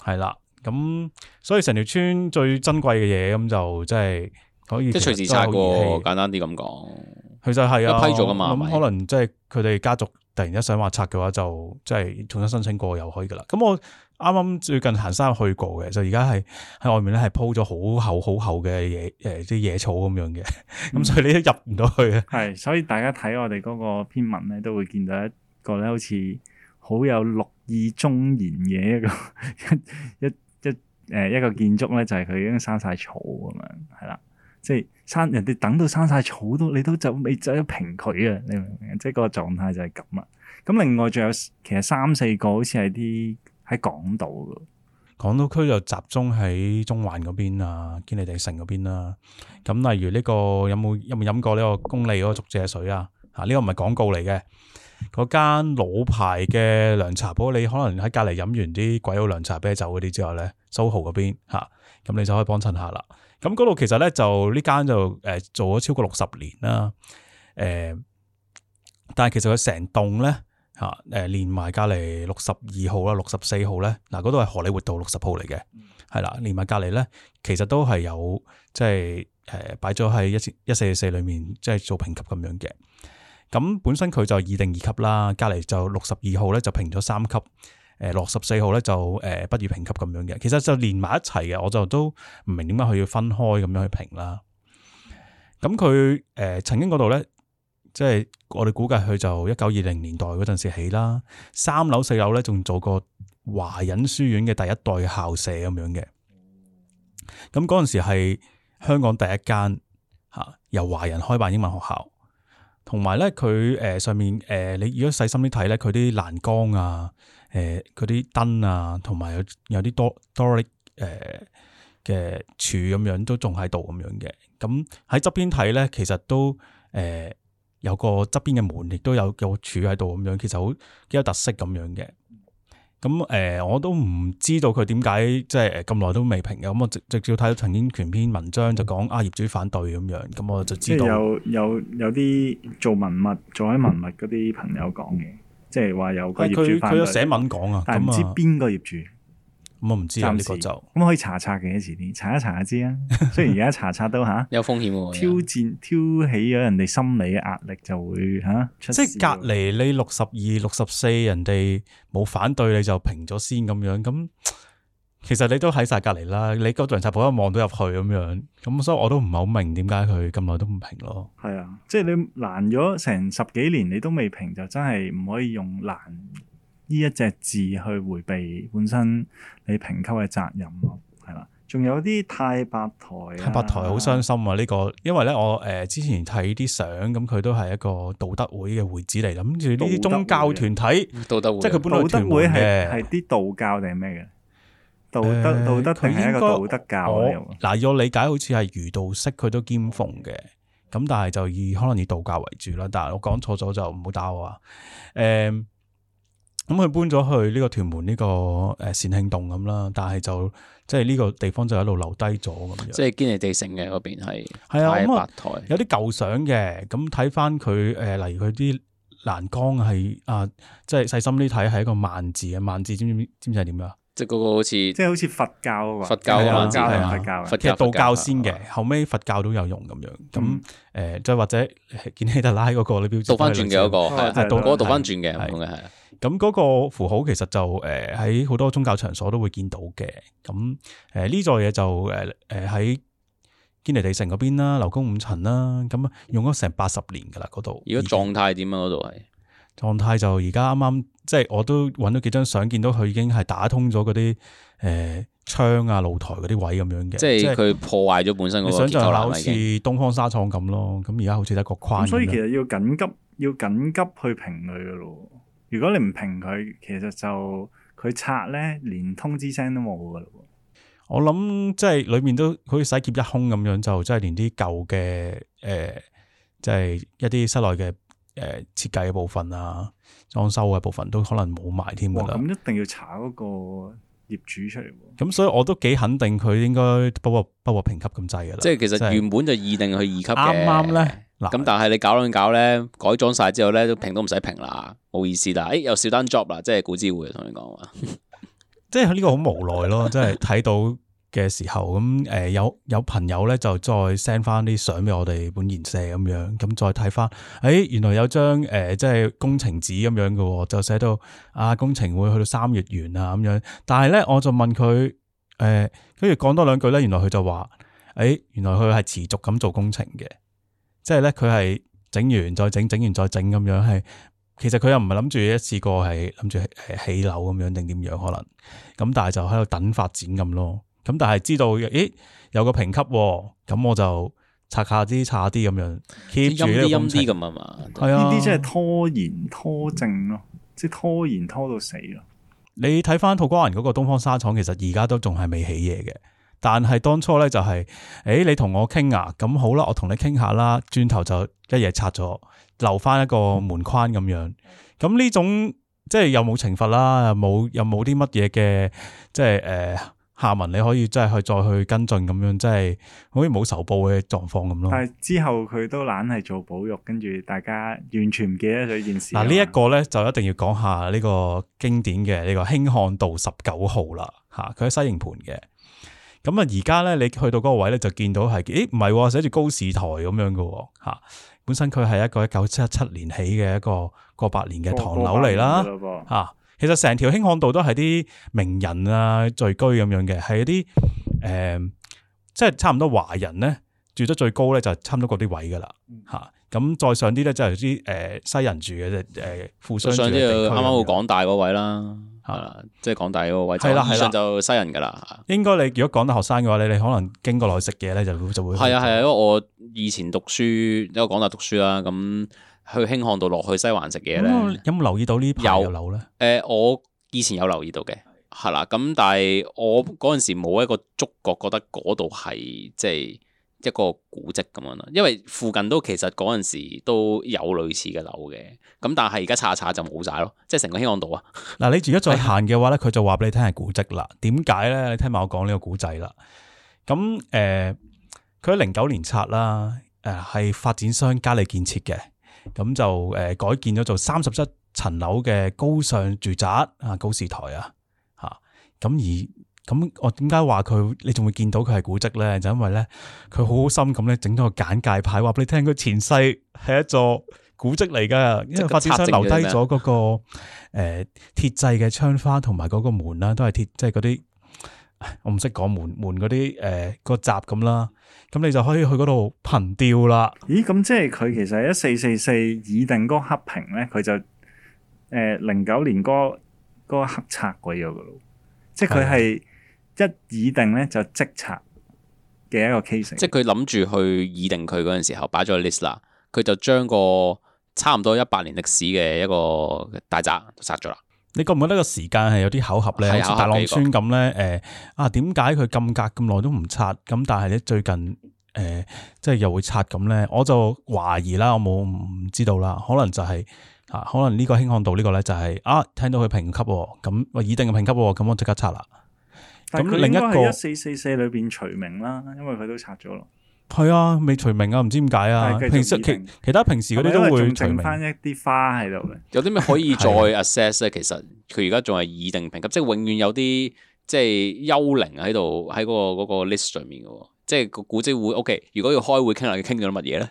[SPEAKER 3] 係啦謝謝，咁、嗯、所以成條村最珍貴嘅嘢咁就即係可以即係隨時拆㗎喎，
[SPEAKER 2] 簡單啲咁講，其實係、就、啊、是、批咗㗎嘛，咁
[SPEAKER 3] 可能即係佢哋家族。突然一想話拆嘅話，就即係重新申請過又可以噶啦。咁我啱啱最近行山去過嘅，就而家係喺外面咧，係鋪咗好厚好厚嘅野誒啲野草咁樣嘅，咁、嗯、 [laughs] 所以你都入唔到去啊。係，所以大家睇
[SPEAKER 1] 我哋嗰個篇文咧，都會見到一個咧，好似好有綠意盎然嘅一個一一一誒、呃、一個建築咧，就係佢已經生晒草咁樣，係啦。即係生人哋等到生晒草都，你都就未就評佢啊！你明唔明？即係個狀態就係咁啊！咁另外仲有，其實三四個好似係啲喺港島嘅。
[SPEAKER 3] 港島區就集中喺中環嗰邊啊，堅尼地城嗰邊啦、啊。咁例如呢、呢個有冇有冇飲過呢個公利嗰個竹蔗水啊？啊，呢、呢個唔係廣告嚟嘅。嗰間老牌嘅涼茶鋪，你可能喺隔離飲完啲鬼佬涼茶、啤酒嗰啲之後咧，蘇豪嗰邊咁、啊、你就可以幫襯下啦。咁嗰度其實咧就呢間就誒做咗超過六十年啦，誒，但係其實佢成棟咧嚇誒連埋隔離六十二號啦、六十四號咧，嗱，嗰度係荷李活道六十號嚟嘅，係啦、嗯，連埋隔離咧其實都係有即係誒擺咗喺一四四四裏面，即係做評級咁樣嘅。咁本身佢就二定二級啦，隔離就六十二號咧就評咗三級。誒六十四號咧就誒不予評級咁樣嘅，其實就連埋一齊嘅，我就都唔明點解佢要分開咁樣去評啦。咁佢誒曾經嗰度咧，即係我哋估計佢就一九二零年代嗰陣時起啦。三樓四樓咧仲做過華人書院嘅第一代校舍咁樣嘅。咁嗰陣時係香港第一間嚇由華人開辦英文學校，同埋咧佢誒上面誒你如果細心啲睇咧，佢啲欄杆啊～誒嗰啲燈啊，同埋有有啲多多立克誒嘅柱咁樣都仲喺度咁樣嘅。咁喺側邊睇咧，其實都誒、呃、有個側邊嘅門，亦都有個柱喺度咁樣，其實好幾有特色咁樣嘅。咁誒、呃，我都唔知道佢點解即係誒咁耐都未評嘅。咁我直直接睇到曾經全篇文章就講啊業主反對咁樣，咁我就知道。有
[SPEAKER 1] 有有啲做文物做喺文物嗰啲朋友講嘅。即係話由個業主佢佢有寫文講啊，但唔知邊個業主，咁、嗯嗯、我唔知啊呢時個就，咁、嗯、可以查冊嘅遲啲，查一查就知啊。雖然而家查冊都吓，
[SPEAKER 2] 有風險喎，挑
[SPEAKER 1] 戰挑起咗人哋心理嘅壓力，就會吓，即係
[SPEAKER 3] 隔籬你六十二、六十四，人哋冇反對你就平咗先咁樣咁。其實你都喺晒隔籬啦，你個巡查部一望到入去咁樣，咁所以我都唔係好明點解佢咁耐都唔平咯。
[SPEAKER 1] 係啊，即係你爛咗成十幾年，你都未平，就真係唔可以用爛呢一隻字去回避本身你評級嘅責任咯。係啦、啊，仲有啲太白臺、啊，
[SPEAKER 3] 太白臺好傷心啊！呢個、啊、因為咧，我誒之前睇啲相，咁佢都係一個道德會嘅會址嚟，諗住呢啲宗教團體，道德會即係佢本來道德會係係啲道教定係咩嘅？道德道德佢係一個道德教。嗱、呃，要、呃、理解好似係儒道釋佢都兼奉嘅，咁但係就以可能以道教為主啦。但係我講錯咗就唔好打我啊！誒、呃、咁、嗯、佢、嗯、搬咗去呢個屯門呢、這個誒、呃、善慶洞咁啦，但係就即係呢個地方就喺度留低咗咁樣。
[SPEAKER 2] 即係堅尼地城嘅嗰邊係
[SPEAKER 3] 係啊，嗯嗯、有啲舊相嘅，咁睇翻佢誒，例如佢啲欄杆係啊，即係細心啲睇係一個萬字嘅萬字，知唔知知唔知係點樣？
[SPEAKER 1] 即嗰個好似，即係好似佛教啊，佛教啊，佛教啊，佛教。其實道教先
[SPEAKER 3] 嘅，後尾佛教都有用咁樣。咁誒，再或者見希特拉嗰個你標誌，倒翻轉嘅嗰個係，嗰個倒翻轉嘅係，係。咁嗰個符號其實就誒喺好多宗教場所都會見到嘅。咁誒呢座嘢就誒誒喺堅尼地城嗰邊啦，樓高五層啦，咁用咗成八十年噶啦，嗰度。
[SPEAKER 2] 如果狀態點啊？嗰度係？
[SPEAKER 3] 狀態就而家啱啱，即係我都揾到幾張相，見到佢已經係打通咗嗰啲誒窗啊、露台嗰啲位咁樣嘅。即係是佢
[SPEAKER 2] 破壞咗本身嘅。你想象下好似
[SPEAKER 3] 東方沙廠咁咯，咁而家好似得個框。所以其
[SPEAKER 1] 實要緊急要緊急去評佢嘅咯。如果你唔評佢，其實就佢拆咧，連通知聲都冇噶咯。
[SPEAKER 3] 我諗即係裏面都好似洗劫一空咁樣，就即係連啲舊嘅誒，即、呃、係、就是、一啲室內嘅。誒設計嘅部分啊，裝修嘅部分都可能冇埋添㗎啦。哇！咁
[SPEAKER 1] 一定要查嗰
[SPEAKER 3] 個業主出嚟喎。咁所以我都幾肯定佢應該不過不過評級咁滯
[SPEAKER 2] 㗎啦。即係其實原本就預定去二級啱啱咧，咁但係你搞兩搞咧，改裝晒之後咧都評都唔使評啦，冇意思啦。誒又少單 job 啦，即係古諮會同你講話，
[SPEAKER 3] [laughs] 即係呢個好無奈咯，即係睇到嘅時候咁誒、呃、有有朋友咧就再 send 翻啲相俾我哋本研社咁樣，咁再睇翻，誒、哎、原來有張誒、呃、即係工程紙咁樣嘅，就寫到啊工程會去到三月完啊咁樣，但係咧我就問佢誒，跟住講多兩句咧，原來佢就話，誒、哎、原來佢係持續咁做工程嘅，即係咧佢係整完再整，整完再整咁樣係，其實佢又唔係諗住一次過係諗住起樓咁、呃、樣定點樣可能，咁但係就喺度等發展咁咯。咁但係知道，咦，有個評級咁、哦，我就拆下啲，拆下啲咁樣 keep 住呢啲工程。呢啲即係
[SPEAKER 1] 拖延拖症咯即係拖延拖到死咯
[SPEAKER 3] 你睇翻土瓜灣嗰個東方沙廠，其實而家都仲係未起嘢嘅，但係當初咧就係、是、誒、哎、你同我傾啊，咁好啦，我同你傾下啦，轉頭就一夜拆咗，留翻一個門框咁樣。咁呢種即係有冇懲罰啦，冇又冇啲乜嘢嘅，即係誒。呃下文你可以真係去再去跟進咁樣，即係好似冇仇報嘅狀況咁咯。但係
[SPEAKER 1] 之後佢都懶係做保育，跟住大家完全唔記得咗呢件事。嗱，呢一
[SPEAKER 3] 個咧就一定要講下呢個經典嘅、這個、呢個興漢道十九號啦，嚇佢喺西營盤嘅。咁啊，而家咧你去到嗰個位咧就見到係，咦唔係寫住高士台咁樣嘅喎，嚇本身佢係一個一九七七年起嘅一,一個過百年嘅唐樓嚟啦，嚇。其實成條興漢道都係啲名人啊聚居咁樣嘅，係一啲誒，即係差唔多華人咧住得最高咧就差唔多嗰啲位噶啦，吓，咁再上啲咧就係啲誒
[SPEAKER 2] 西人住嘅啫，誒
[SPEAKER 3] 富商住嘅。即啱啱好
[SPEAKER 2] 港大嗰位啦，係啦，即係港大嗰個位，再上就西人噶啦。
[SPEAKER 3] 應該你如果講到學生嘅話咧，你可能經過落去食嘢咧就就會係啊係啊，
[SPEAKER 2] 因為我以前讀書因個港大讀書啦，咁。去興漢道落去西環食嘢咧，
[SPEAKER 3] 有冇留意到呢排有樓
[SPEAKER 2] 咧？誒、呃，我以前有留意到嘅，係啦。咁但係我嗰陣時冇一個觸覺，覺得嗰度係即係一個古蹟咁樣啦。因為附近都其實嗰陣時都有類似嘅樓嘅。咁但係而家查查就冇晒咯，即係成個興漢道啊！
[SPEAKER 3] 嗱 [laughs] [laughs] 你如果再行嘅話咧，佢就話俾你聽係古蹟啦。點解咧？你聽埋我講呢個古仔啦。咁誒，佢喺零九年拆啦，誒、呃、係發展商嘉里建設嘅。咁就誒改建咗做三十七層樓嘅高尚住宅啊，高士台啊，嚇！咁而咁我點解話佢你仲會見到佢係古蹟咧？就因為咧佢好好心咁咧整咗個簡介牌，話俾你聽佢前世係一座古蹟嚟㗎， [laughs] 因為發展商留低咗嗰個誒鐵製嘅窗花同埋嗰個門啦，都係鐵，即係嗰啲。我唔識講門門嗰啲誒個閘咁啦，咁你就可以去嗰度憑吊啦。
[SPEAKER 1] 咦，咁即係佢其實一四四四擬定嗰黑屏咧，佢就誒零九年嗰，那個那個黑拆鬼咗噶咯，即係佢係一擬定咧就即拆
[SPEAKER 2] 嘅一個 case、嗯。即係佢諗住去擬定佢嗰陣時候擺咗 list 啦，佢就將個差唔多一百年歷史嘅一個大宅殺咗啦。
[SPEAKER 3] 你覺唔覺得個時間係有啲巧合咧？有好似大浪村咁咧，誒啊點解佢咁隔咁耐都唔拆？咁但係咧最近誒即係又會拆咁咧？我就懷疑啦，我冇唔知道啦，可能就係、是、啊，可能呢個興漢道呢個咧就係、是、啊聽到佢評級咁，已、嗯、定嘅評級咁，我即刻拆啦。但係佢應該
[SPEAKER 1] 係一四四四裏邊除名啦，因為佢都拆咗咯。
[SPEAKER 3] 係啊，未除名啊，唔知點解啊。其實其他平時嗰啲都會除名。翻
[SPEAKER 2] 一啲花喺度嘅。有啲咩可以再 assess 咧？其實佢而家仲係擬定評級，即係永遠有啲即係幽靈喺度喺個嗰個 list 上面嘅。即係個古蹟會 OK。如果要開會傾啊，傾咗乜嘢咧？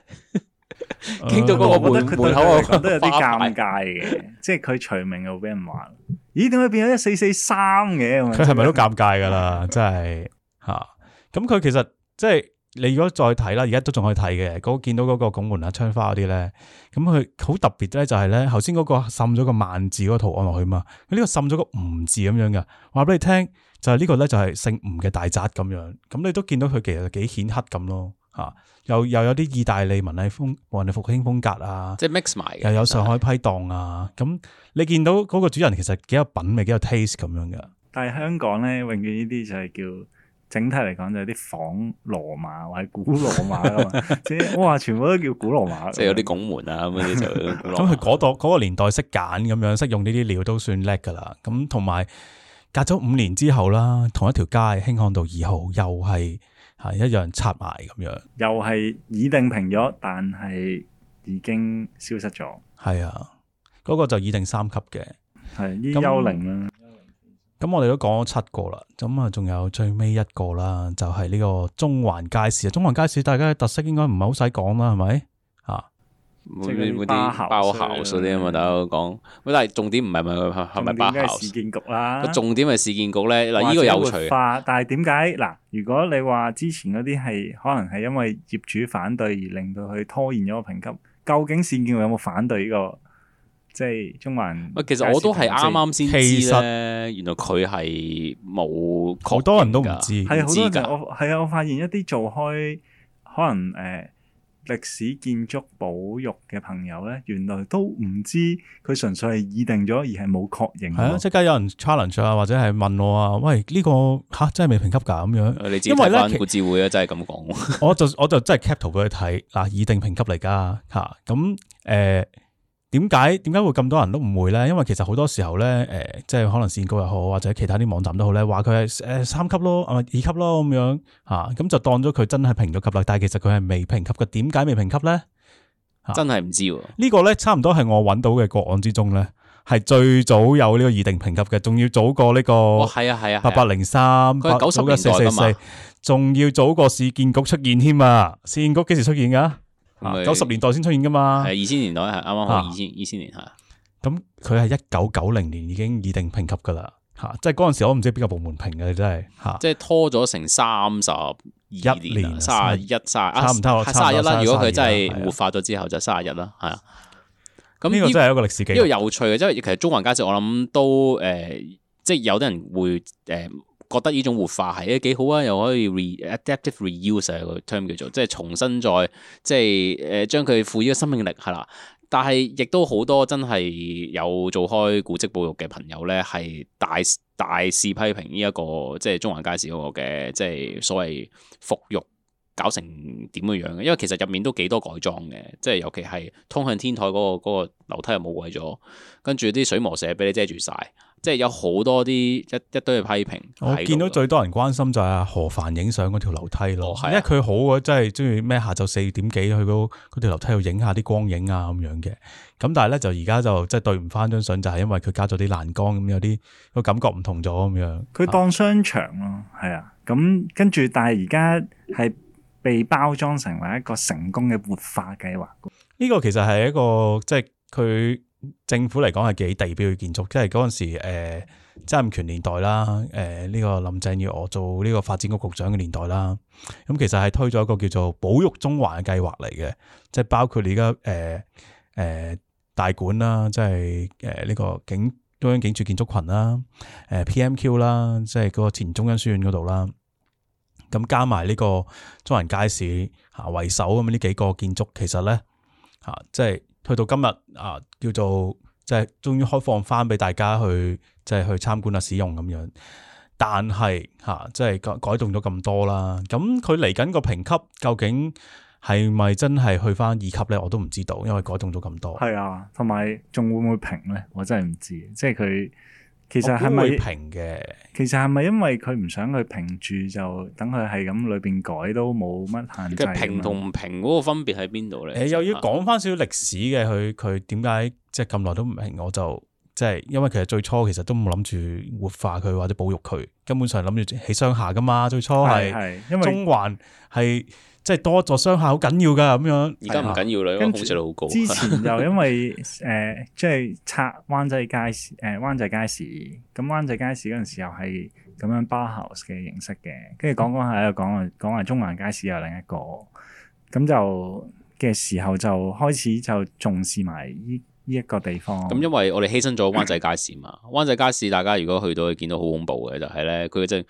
[SPEAKER 2] 傾到嗰個門口我覺得有啲尷尬嘅。
[SPEAKER 3] 即
[SPEAKER 1] 係佢除名又俾人話，
[SPEAKER 3] 咦？點解變咗一四四三嘅？佢係咪都尷尬噶啦？真係吓咁，佢其實即係。你如果再睇啦，而家都仲可以睇嘅，嗰個見到嗰個拱門啊、窗花嗰啲咧，咁佢好特別咧，就係咧，頭先嗰個滲咗個萬字嗰個圖案落去嘛，佢呢個滲咗個吳字咁樣嘅，話俾你聽，就係呢個咧就係姓吳嘅大宅咁樣，咁你都見到佢其實幾顯赫咁咯，嚇，啊，又又有啲意大利文藝風、文藝復興風格啊，
[SPEAKER 2] 即係 mix 埋，又有
[SPEAKER 3] 上海批盪啊，咁的你見到嗰個主人其實幾有品味、幾有 taste 咁樣嘅。
[SPEAKER 1] 但係香港咧，永遠呢啲就係叫。整體嚟講就有啲仿羅馬或
[SPEAKER 3] 者古羅馬啊嘛，即我話全部都叫古羅馬，
[SPEAKER 2] 即係 [laughs] 有啲拱門啊咁樣 [laughs] 就咁。佢
[SPEAKER 3] 嗰代個年代識揀咁樣，識用呢啲料都算叻噶啦。咁同埋隔咗五年之後啦，同一條街興漢道二號又係係一樣拆埋咁樣，
[SPEAKER 1] 又係已定平咗，但係已經消失咗。
[SPEAKER 3] 係啊，嗰、那個就已定三級嘅，係呢
[SPEAKER 1] 啲幽靈啦那。啊
[SPEAKER 3] 咁我哋都講咗七個啦，咁啊仲有最尾一個啦，就係、是、呢個中環街市啊！中環街市大家嘅特色應該唔係好使講啦，係咪啊？
[SPEAKER 2] 冇包浩斯嗰啲啊嘛，大家都講。喂，但係重點唔係咪係咪包浩斯？重點係市建局啦。重點係市建局咧嗱，呢個有趣。化，
[SPEAKER 1] 但係點解嗱？如果你話之前嗰啲係可能係因為業主反對而令到佢拖延咗個評級，究竟市建局有冇反對呢個？
[SPEAKER 2] 即係中環。唔其實我都係啱啱先其知咧。原來佢係冇，好多人都唔知，知，
[SPEAKER 1] 係好多人啊！我發現一啲做開可能誒、呃、歷史建築保育嘅朋友咧，原來都唔知佢純粹係擬定咗，而係冇確認。係啊，即
[SPEAKER 3] 刻有人 challenge 啊，或者係問我啊，喂，呢、呢個嚇真係未評級㗎咁樣。你因為咧，古
[SPEAKER 2] 諮會咧實真係咁講，
[SPEAKER 3] 我就我就，我就真係 cap 圖俾佢睇嗱，擬定評級嚟㗎嚇咁誒。啊 [laughs] 啊啊啊啊點解點解會咁多人都唔會咧？因為其實好多時候咧，誒、呃，即係可能市建局又好，或者其他啲網站都好咧，話佢係誒三級咯，啊二級咯咁樣，吓、啊、咁就當咗佢真係評咗級啦。但係其實佢係未評級嘅。點解未評級咧？
[SPEAKER 2] 啊、真係唔知。
[SPEAKER 3] 呢、啊、個咧差唔多係我揾到嘅個案之中咧，係最早有呢個擬定評級嘅，仲要早過呢個。哦，係啊，係啊。八百零三九十一四四四，仲要早過市建局出現添啊！市建局幾時出現噶？九十
[SPEAKER 2] 年代先出現噶嘛？係二千年代係啱啱好，二千二千年係。
[SPEAKER 3] 咁佢係一九九零年已經擬定評級噶啦，吓、啊，即係嗰陣時我唔知邊個部門評嘅，真係吓。
[SPEAKER 2] 即係拖咗成三十一年，卅一卅差唔、啊、差唔多，卅一啦。30，如果佢真係活化咗之後就卅一啦，係啊。咁呢個真係一個歷史，呢個有趣嘅，即係其實中環街市我諗都誒、呃，即係有啲人會誒。呃覺得呢種活化係誒幾好啊，又可以 re adaptive reuse 個、啊、term 叫做，即係重新再即係誒、呃、將佢賦予個生命力係啦。但係亦都好多真係有做開古蹟保育嘅朋友咧，係大大肆批評呢、這、一個即係中環街市嗰個嘅即係所謂復育搞成點嘅樣嘅，因為其實入面都幾多改裝嘅，即係尤其係通向天台嗰、那個嗰、那個、樓梯又冇鬼咗，跟住啲水磨石俾你遮住晒。即係有好多啲一一堆嘅批評，我見
[SPEAKER 3] 到最多人關心就係何凡影相嗰條樓梯咯，哦啊、因為佢好嘅真係中意咩下晝四點幾去嗰嗰條樓梯度影下啲光影啊咁樣嘅，咁但係咧就而家就即係對唔翻張相就係、是、因為佢加咗啲欄杆咁有啲個感覺唔同咗咁樣。佢當商場
[SPEAKER 1] 咯，係啊，咁、啊、跟住但係而家係被包裝成為一個成功嘅活化計劃。
[SPEAKER 3] 呢、嗯、個其實係一個即係佢。政府嚟講係幾地標嘅建築，即係嗰陣時誒，曾、呃、蔭權年代啦，誒、呃、呢、這個林鄭月娥做呢個發展局局長嘅年代啦，咁、嗯、其實係推咗一個叫做保育中環嘅計劃嚟嘅，即係包括你而家誒誒大館啦，即係誒呢個警中央警署建築群啦，誒 P.M.Q 啦，PM Q, 即係嗰個前中央書院嗰度啦，咁、嗯、加埋呢個中環街市吓、啊、為首咁呢幾個建築，其實咧吓、啊、即係。去到今日啊，叫做即係，終於開放翻俾大家去即係去參觀啊、使用咁樣。但係吓、啊，即係改改動咗咁多啦。咁佢嚟緊個評級究竟係咪真係去翻二級咧？我都唔知道，因為改動咗咁多。係啊，同
[SPEAKER 1] 埋仲會唔會評咧？我真係唔知，即係佢。.其實係咪評嘅？其實係咪因為佢唔想去評住，就等佢係咁裏邊改都冇乜限
[SPEAKER 3] 制。嘅評同
[SPEAKER 2] 唔評嗰個分別喺邊度咧？誒，又
[SPEAKER 3] 要講翻少少歷史嘅，佢，佢點解即係咁耐都唔評？我就即係、就是、因為其實最初其實都冇諗住活化佢或者保育佢，根本上諗住起商廈㗎嘛。最初係，因為中環係。即係多咗商客好緊要㗎咁樣，而家唔緊要啦，因為估值率好高。之前就因為誒，即
[SPEAKER 1] 係、 [laughs] 呃就是、拆灣仔街市，誒灣仔街市咁灣仔街市嗰陣時又係咁樣 Bauhaus 嘅形式嘅，跟住講講下又講話講中環街市又另一個，咁就嘅時候就開始就重視埋呢依一個地方。
[SPEAKER 2] 咁因為我哋犧牲咗灣仔街市嘛， [laughs] 灣仔街市大家如果去到，見到好恐怖嘅就係、是、咧，佢嘅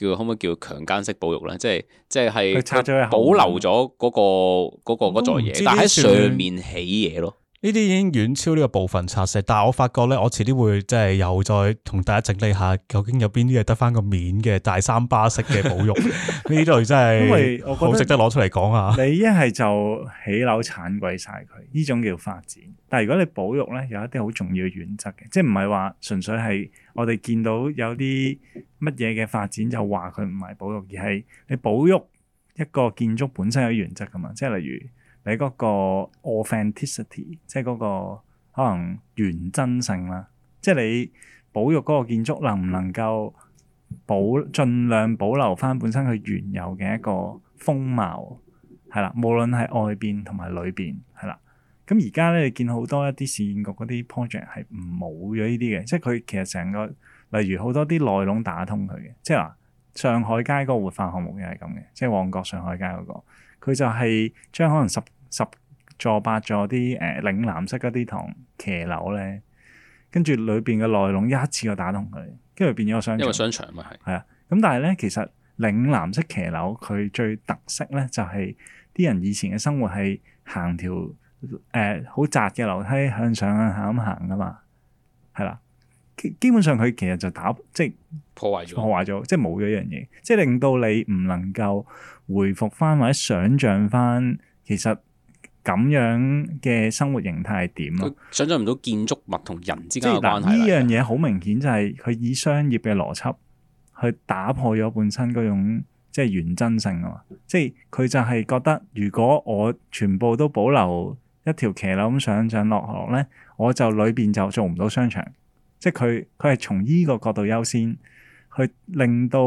[SPEAKER 2] 叫可唔可以叫強姦式保育咧？即係即係係，保留咗嗰個嗰個嗰座嘢，但係喺上面起嘢咯。
[SPEAKER 3] 呢啲已經遠超呢個部分拆卸，但我發覺咧，我遲啲會即係又再同大家整理下，究竟有邊啲嘢得返個面嘅大三巴式嘅保育，呢度 [laughs] 真係好值得攞出嚟講啊！你
[SPEAKER 1] 一係就起樓剷鬼晒佢，呢種叫發展。但係如果你保育咧，有一啲好重要嘅原則嘅，即係唔係話純粹係我哋見到有啲乜嘢嘅發展就話佢唔係保育，而係你保育一個建築本身嘅原則噶嘛，即係例如。你嗰個 authenticity，即係嗰個可能原真性啦，即係你保育嗰個建築能唔能夠保，盡量保留翻本身佢原有嘅一個風貌，係啦，無論係外邊同埋裏邊，係啦。咁而家咧，你見好多一啲市建局嗰啲 project 係冇咗呢啲嘅，即係佢其實成個，例如好多啲內籠打通佢嘅，即係話上海街嗰個活化項目又係咁嘅，即係旺角上海街嗰個。佢就係將可能十十座八座啲誒嶺南式嗰啲唐騎樓咧，跟住裏邊嘅內籠一次就打通佢，跟住變咗個商場。因為商場嘛係。係啊，咁但係咧，其實嶺南式騎樓佢最特色咧，就係、是、啲人以前嘅生活係行條誒好、呃、窄嘅樓梯向上向下咁行噶嘛，係啦。基本上佢其實就打即係破壞咗，破壞咗即係冇咗一樣嘢，即係令到你唔能夠。回復翻或者想像翻，其實咁樣嘅生活形態係點咯？
[SPEAKER 2] 想像唔到建築物同人之間，即係呢
[SPEAKER 1] 樣嘢好明顯就係佢以商業嘅邏輯去打破咗本身嗰種即係原真性啊嘛。即係佢就係覺得，如果我全部都保留一條騎樓咁上上落落咧，我就裏邊就做唔到商場。即係佢佢係從依個角度優先去令到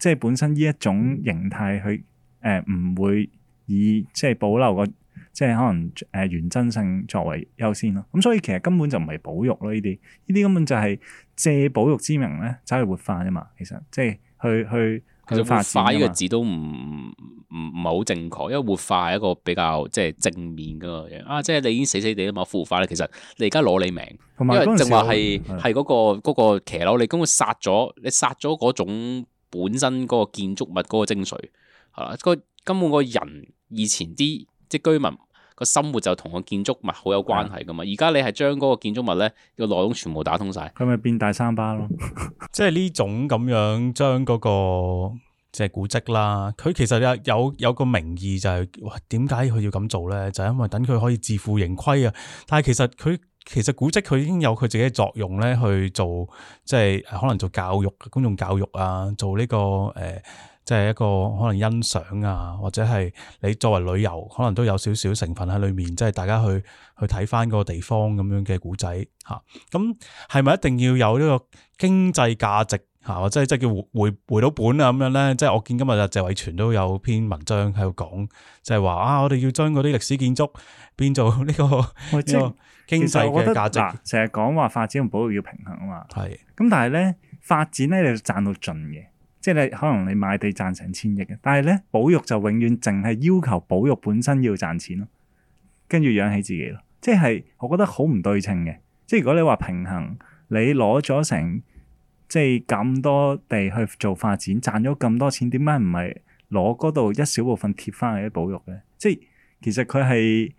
[SPEAKER 1] 即係本身呢一種形態去，佢誒唔會以即係保留個即係可能誒原真性作為優先咯。咁、嗯、所以其實根本就唔係保育咯，呢啲呢啲根本就係借保育之名咧走去活化啫嘛。其實即係去去去，去發展，活化呢個字
[SPEAKER 2] 都唔唔唔係好正確，因為活化係一個比較即係正面嘅嘢啊！即係你已經死死地啦嘛，復活咧，其實你而家攞你命，
[SPEAKER 1] 因為正話係
[SPEAKER 2] 係嗰個嗰個騎樓，你咁樣殺咗你殺咗嗰種。本身嗰個建築物嗰個精髓，啊，個根本個人以前啲即居民個生活就同個建築物好有關係噶嘛，而家的你係將嗰個建築物咧個內容全部打通晒，
[SPEAKER 3] 佢咪變大三巴咯， [laughs] 即係呢種咁樣將嗰、那個即係、就是、古蹟啦，佢其實有有有個名義就係、是，哇，點解佢要咁做咧？就係、是、因為等佢可以自負盈虧啊，但係其實佢。其實古蹟佢已經有佢自己嘅作用咧，去做即係、就是、可能做教育、公眾教育啊，做呢、這個誒，即、呃、係、就是、一個可能欣賞啊，或者係你作為旅遊，可能都有少少成分喺裏面，即、就、係、是、大家去去睇翻個地方咁樣嘅古仔吓。咁係咪一定要有呢個經濟價值吓？啊、或者係即係叫回回到本啊咁樣咧？即、就、係、是、我見今日啊謝偉全都有篇文章喺度講，就係、是、話啊，我哋要將嗰啲歷史建築變做呢個呢個。 [laughs] 其實我覺得經濟嘅價值，成日講話發展同保育要平衡啊嘛。係的，
[SPEAKER 1] 咁但係咧發展咧，你賺到盡嘅，即係你可能你買地賺成千億嘅，但係咧保育就永遠淨係要求保育本身要賺錢咯，跟住養起自己咯。即係我覺得好唔對稱嘅。即係如果你話平衡，你攞咗成即係咁多地去做發展，賺咗咁多錢，點解唔係攞嗰度一小部分貼翻去啲保育咧？即係其實佢係。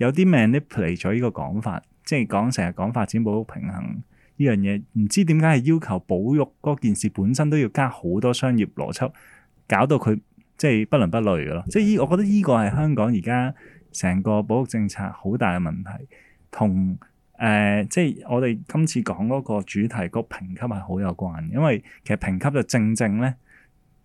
[SPEAKER 1] 有啲 manipulate 咗呢個講法，即係講成日講發展保育平衡呢樣嘢，唔知點解係要求保育嗰件事本身都要加好多商業邏輯，搞到佢即係不倫不類嘅咯。即係呢，我覺得呢個係香港而家成個保育政策好大嘅問題，同誒、呃、即係我哋今次講嗰個主題，嗰個評級係好有關嘅，因為其實評級就正正咧，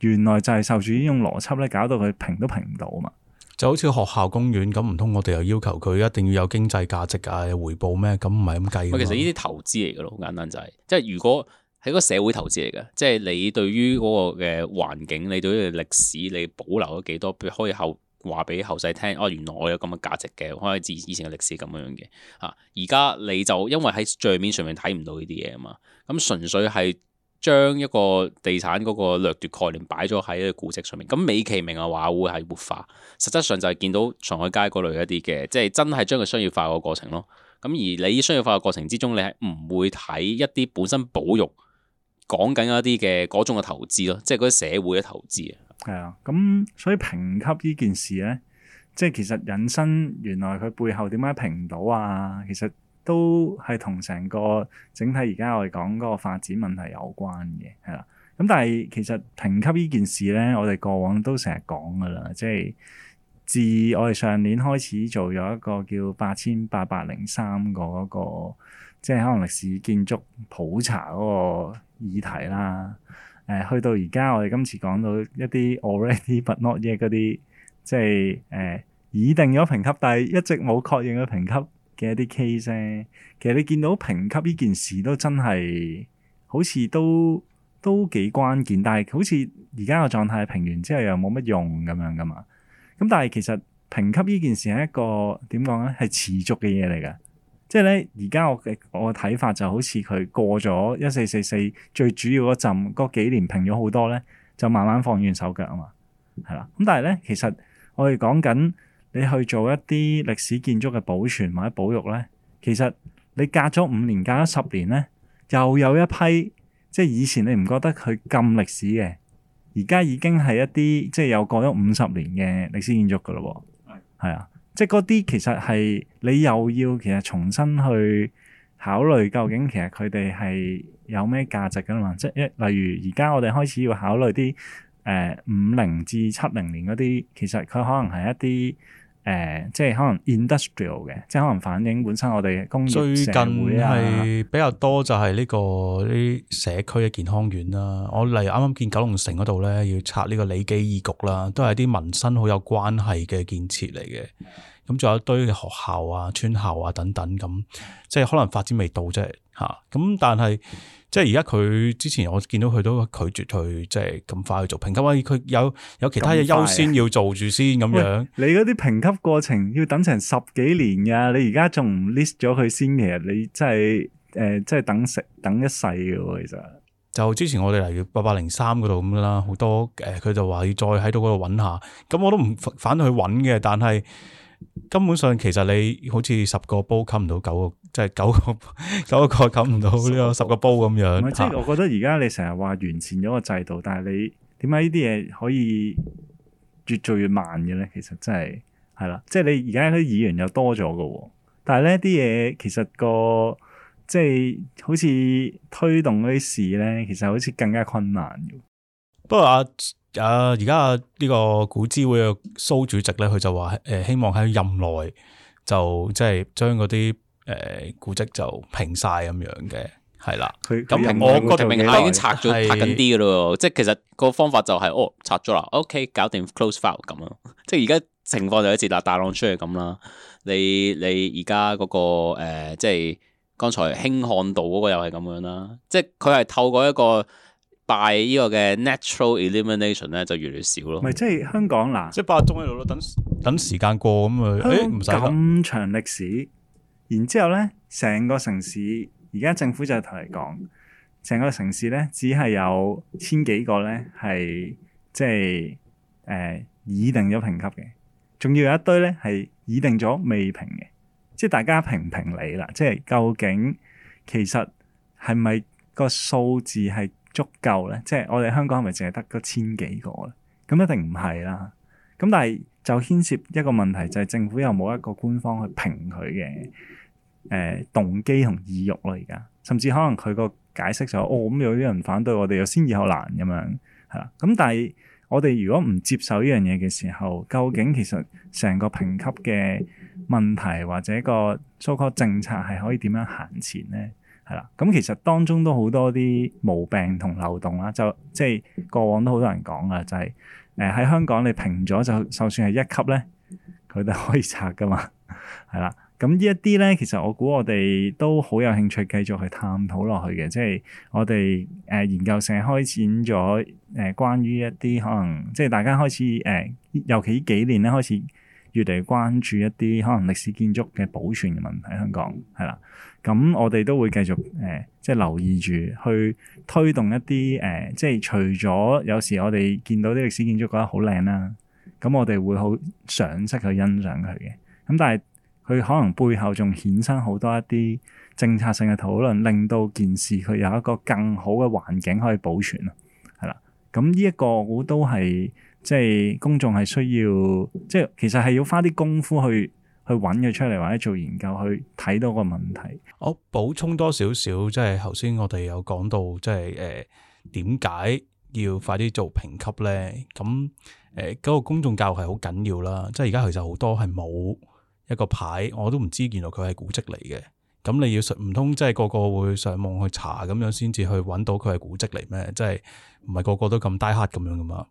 [SPEAKER 1] 原來就係受住呢種邏輯咧，搞到佢評都
[SPEAKER 3] 評唔到啊嘛。就好似學校公園咁，唔通我哋又要求佢一定要有經濟價值啊，有回報咩？咁唔係咁計。唔係，其實呢啲
[SPEAKER 2] 投資嚟嘅咯，簡單就係、是，即係如果係一個社會投資嚟嘅，即係你對於嗰個嘅環境，你對於歷史，你保留咗幾多，譬如可以後話俾後世聽，哦，原來我有咁嘅價值嘅，可以以前嘅歷史咁樣嘅。啊，而家你就因為喺賬面上面睇唔到呢啲嘢啊嘛，咁純粹係。將一個地產嗰個掠奪概念擺咗喺一個古跡上面，咁美其名嘅話會係活化，實質上就係見到上海街嗰類一啲嘅，即係真係將佢商業化個過程咯。咁而你商業化個過程之中，你係唔會睇一啲本身保育講緊一啲嘅嗰種嘅投資咯，即係嗰啲社會嘅投資啊。
[SPEAKER 1] 係啊，咁所以評級呢件事咧，即係其實引申原來佢背後點解評唔到啊？其實。都係同成個整體而家我哋講嗰個發展問題有關嘅，係啦。咁但係其實評級呢件事咧，我哋過往都成日講㗎啦，即係自我哋上年開始做咗一個叫八千八百零三個嗰個，即係可能歷史建築普查嗰個議題啦。誒、呃，去到而家我哋今次講到一啲 already but not yet 嗰啲，即係誒、呃、已定咗評級，但係一直冇確認嘅評級。嘅一啲 case 咧，其實你見到評級呢件事都真係好似都都幾關鍵，但係好似而家個狀態評完之後又冇乜用咁樣噶嘛。咁但係其實評級呢件事係一個點講咧，係持續嘅嘢嚟㗎。即係咧，而家我嘅我嘅睇法就好似佢過咗一四四四最主要嗰陣嗰幾年評咗好多咧，就慢慢放軟手腳啊嘛，係啦。咁但係咧，其實我哋講緊。你去做一啲歷史建築嘅保存或者保育呢，其實你隔咗五年、隔咗十年呢，又有一批即係以前你唔覺得佢咁歷史嘅，而家已經係一啲即係又過咗五十年嘅歷史建築㗎喇喎。係啊，即係嗰啲其實係你又要其實重新去考慮究竟其實佢哋係有咩價值㗎嘛？即係例如而家我哋開始要考慮啲誒五零至七零年嗰啲，其實佢可能係一啲。誒、嗯，即係可能 industrial 嘅，即係可能反映本身我哋嘅工作，啊。最近啊。係
[SPEAKER 3] 比較多就係呢、這個啲社區嘅健康院啦。我例如啱啱見九龍城嗰度咧，要拆呢個李基醫局啦，都係啲民生好有關係嘅建設嚟嘅。咁仲有一堆學校啊、村校啊等等咁，即係可能發展未到啫。吓，咁但係即係而家佢之前我見到佢都拒絕佢，即係咁快去做評級，因為佢有有其他嘢優先要做住先咁樣。
[SPEAKER 1] 你嗰啲評級過程要等成十幾年噶、啊，你而家仲唔 list 咗佢先？嘅？你真係誒，即、呃、係等食等一世嘅其實。
[SPEAKER 3] 就之前我哋嚟例如八百零三嗰度咁啦，好多誒，佢、呃、就話要再喺到度揾下，咁我都唔反對去揾嘅，但係。根本上其實你好似十個煲吸唔到九個，即係九個九個吸唔到呢個十個煲咁樣。十，啊，即係我
[SPEAKER 1] 覺得而家你成日話完善咗個制度，但係你點解呢啲嘢可以越做越慢嘅咧？其實真係係啦，即係你而家啲議員又多咗噶，但係咧啲嘢其實個即係好似推動嗰啲事咧，其實好似更加困難。
[SPEAKER 3] But 啊！而家呢個古諮會嘅蘇主席咧，佢就話誒、呃、希望喺任內就即係將嗰啲誒古蹟就平晒。咁樣嘅，係啦。佢咁，我覺得已經拆咗拆緊啲
[SPEAKER 2] 嘅咯。即係其實個方法就係、是、哦拆咗啦，OK，搞掂 close file 咁咯。即係而家情況就似嗱大浪出嚟咁啦。你你而家嗰個、呃、即係剛才興漢道嗰個又係咁樣啦。即係佢係透過一個。拜呢個嘅 natural elimination 咧，就越嚟越少咯。唔係，
[SPEAKER 3] 即係香港嗱，啊、即係擺喺度咯。等等時間過咁啊，唔使咁長歷史。然之後
[SPEAKER 1] 咧，成個城市而家政府就同你講，成個城市咧只係有千幾個咧係即係誒擬定咗評級嘅，仲要有一堆咧係擬定咗未評嘅。即係大家評評理啦，即係究竟其實係咪個數字係足夠咧，即係我哋香港係咪淨係得嗰千幾個咧？咁一定唔係啦。咁但係就牽涉一個問題，就係政府又冇一個官方去評佢嘅誒動機同意欲咯。而家甚至可能佢個解釋就話、係：哦，咁有啲人反對，我哋有先易後難咁樣嚇。咁但係我哋如果唔接受呢樣嘢嘅時候，究竟其實成個評級嘅問題或者個 showcase 政策係可以點樣行前咧？係啦，咁其實當中都好多啲毛病同漏洞啦，就即係、就是、過往都好多人講噶，就係誒喺香港你評咗就，就算係一級咧，佢都可以拆㗎嘛，係啦。咁、嗯、呢一啲咧，其實我估我哋都好有興趣繼續去探討落去嘅，即、就、係、是、我哋誒、呃、研究社開展咗誒關於一啲可能，即係大家開始誒、呃，尤其呢幾年咧開始越嚟越關注一啲可能歷史建築嘅保存嘅問題，香港係啦。咁我哋都會繼續誒、呃，即係留意住去推動一啲誒、呃，即係除咗有時我哋見到啲歷史建築覺得好靚啦，咁我哋會好賞識去欣賞佢嘅。咁但係佢可能背後仲衍生好多一啲政策性嘅討論，令到件事佢有一個更好嘅環境可以保存咯，係啦。咁呢一個我估都係即係公眾係需要，即係其實係要花啲功夫去。去揾佢出嚟，或者做研究去睇到個問題。
[SPEAKER 3] 我補充多少少，即係頭先我哋有講到，即係誒點解要快啲做評級咧？咁誒嗰個公眾教育係好緊要啦。即係而家其實好多係冇一個牌，我都唔知原來佢係古蹟嚟嘅。咁你要唔通即係個個會上網去查咁樣先至去揾到佢係古蹟嚟咩？即係唔係個個都咁低黑咁樣噶嘛？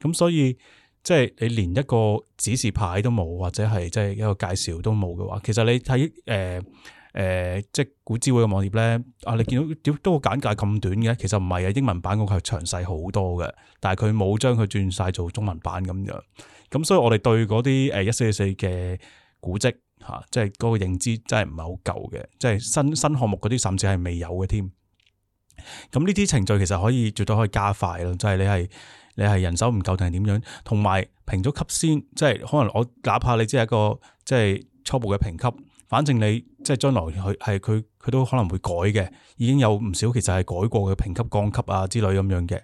[SPEAKER 3] 咁所以。即係你連一個指示牌都冇，或者係即係一個介紹都冇嘅話，其實你睇誒誒，即係古諮會嘅網頁咧，啊，你見到點都個簡介咁短嘅，其實唔係啊，英文版嗰個係詳細好多嘅，但係佢冇將佢轉晒做中文版咁樣。咁所以我哋對嗰啲誒一四四四嘅古蹟嚇、啊，即係嗰個認知真係唔係好夠嘅，即係新新項目嗰啲甚至係未有嘅添。咁呢啲程序其實可以絕對可以加快咯，即係你係。你係人手唔夠定係點樣？同埋評咗級先，即係可能我哪怕你只係一個即係初步嘅評級，反正你即係將來佢係佢佢都可能會改嘅。已經有唔少其實係改過嘅評級降級啊之類咁樣嘅。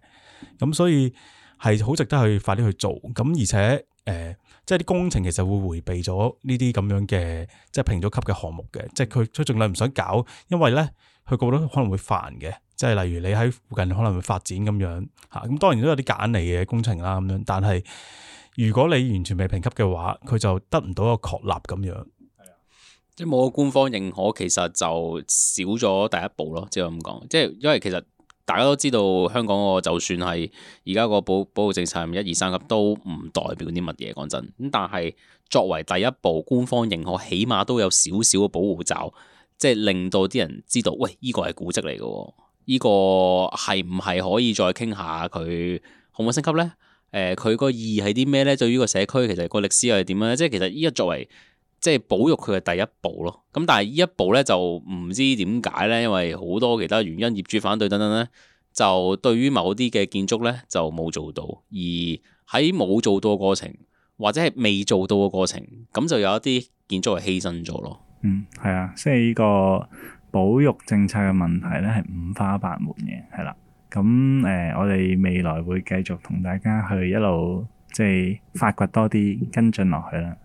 [SPEAKER 3] 咁所以係好值得去快啲去做。咁而且誒、呃，即係啲工程其實會迴避咗呢啲咁樣嘅即係評咗級嘅項目嘅。即係佢出盡量唔想搞，因為咧佢覺得可能會煩嘅。即係例如你喺附近可能會發展咁樣嚇，咁當然都有啲隔硬嚟嘅工程啦咁樣，但係如果你完全未評級嘅話，佢就得唔到一個確立咁樣，
[SPEAKER 2] 即係冇個官方認可，其實就少咗第一步咯。即係咁講，即係因為其實大家都知道香港個就算係而家個保保護政策一、二、三級都唔代表啲乜嘢講真，咁但係作為第一步官方認可，起碼都有少少嘅保護罩，即係令到啲人知道，喂，依個係古蹟嚟嘅。呢個係唔係可以再傾下佢可唔可升級呢？誒、呃，佢個意義係啲咩呢？對於個社區其實個歷史係點樣呢？即係其實呢個作為即係保育佢嘅第一步咯。咁但係呢一步呢，就唔知點解呢，因為好多其他原因、業主反對等等呢，就對於某啲嘅建築呢，就冇做到。而喺冇做到過程或者係未做到嘅過程，咁就有一啲建築係犧牲咗咯。
[SPEAKER 1] 嗯，係啊，即係呢個。保育政策嘅問題咧，係五花八門嘅，係啦。咁誒，我哋未來會繼續同大家去一路即係發掘多啲跟進落去啦。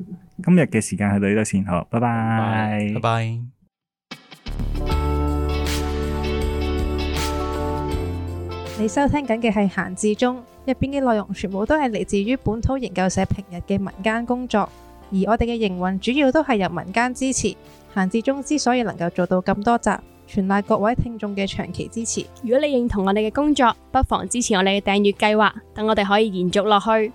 [SPEAKER 1] 今日嘅時間係到呢度先，好，拜拜，拜
[SPEAKER 3] 拜。
[SPEAKER 2] 你收
[SPEAKER 1] 聽緊嘅係閒置中，入邊嘅內容全部都係嚟自於本土研究社平日嘅民間工作，而我哋嘅營運主要都係由民間支持。爛 grade 中之所以能夠
[SPEAKER 3] 做到咁多集，
[SPEAKER 2] 全賴各位聽眾嘅長期支持。如果你認同我哋嘅工作，不妨支持我哋嘅訂閱計劃，等我哋可以延續落去。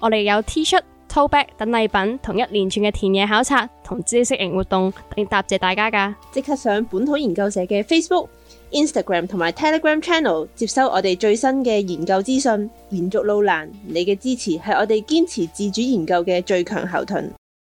[SPEAKER 2] 我哋有 t 恤、Tote Bag 等禮品，同一連串嘅田野考察同知識型活動，亦答謝大家噶。即刻上本土研究社嘅 Facebook、Instagram 同埋 Telegram Channel 接收我哋
[SPEAKER 3] 最新嘅研究資訊，延續路難，你嘅支持係我哋堅持自主研究嘅最強後盾。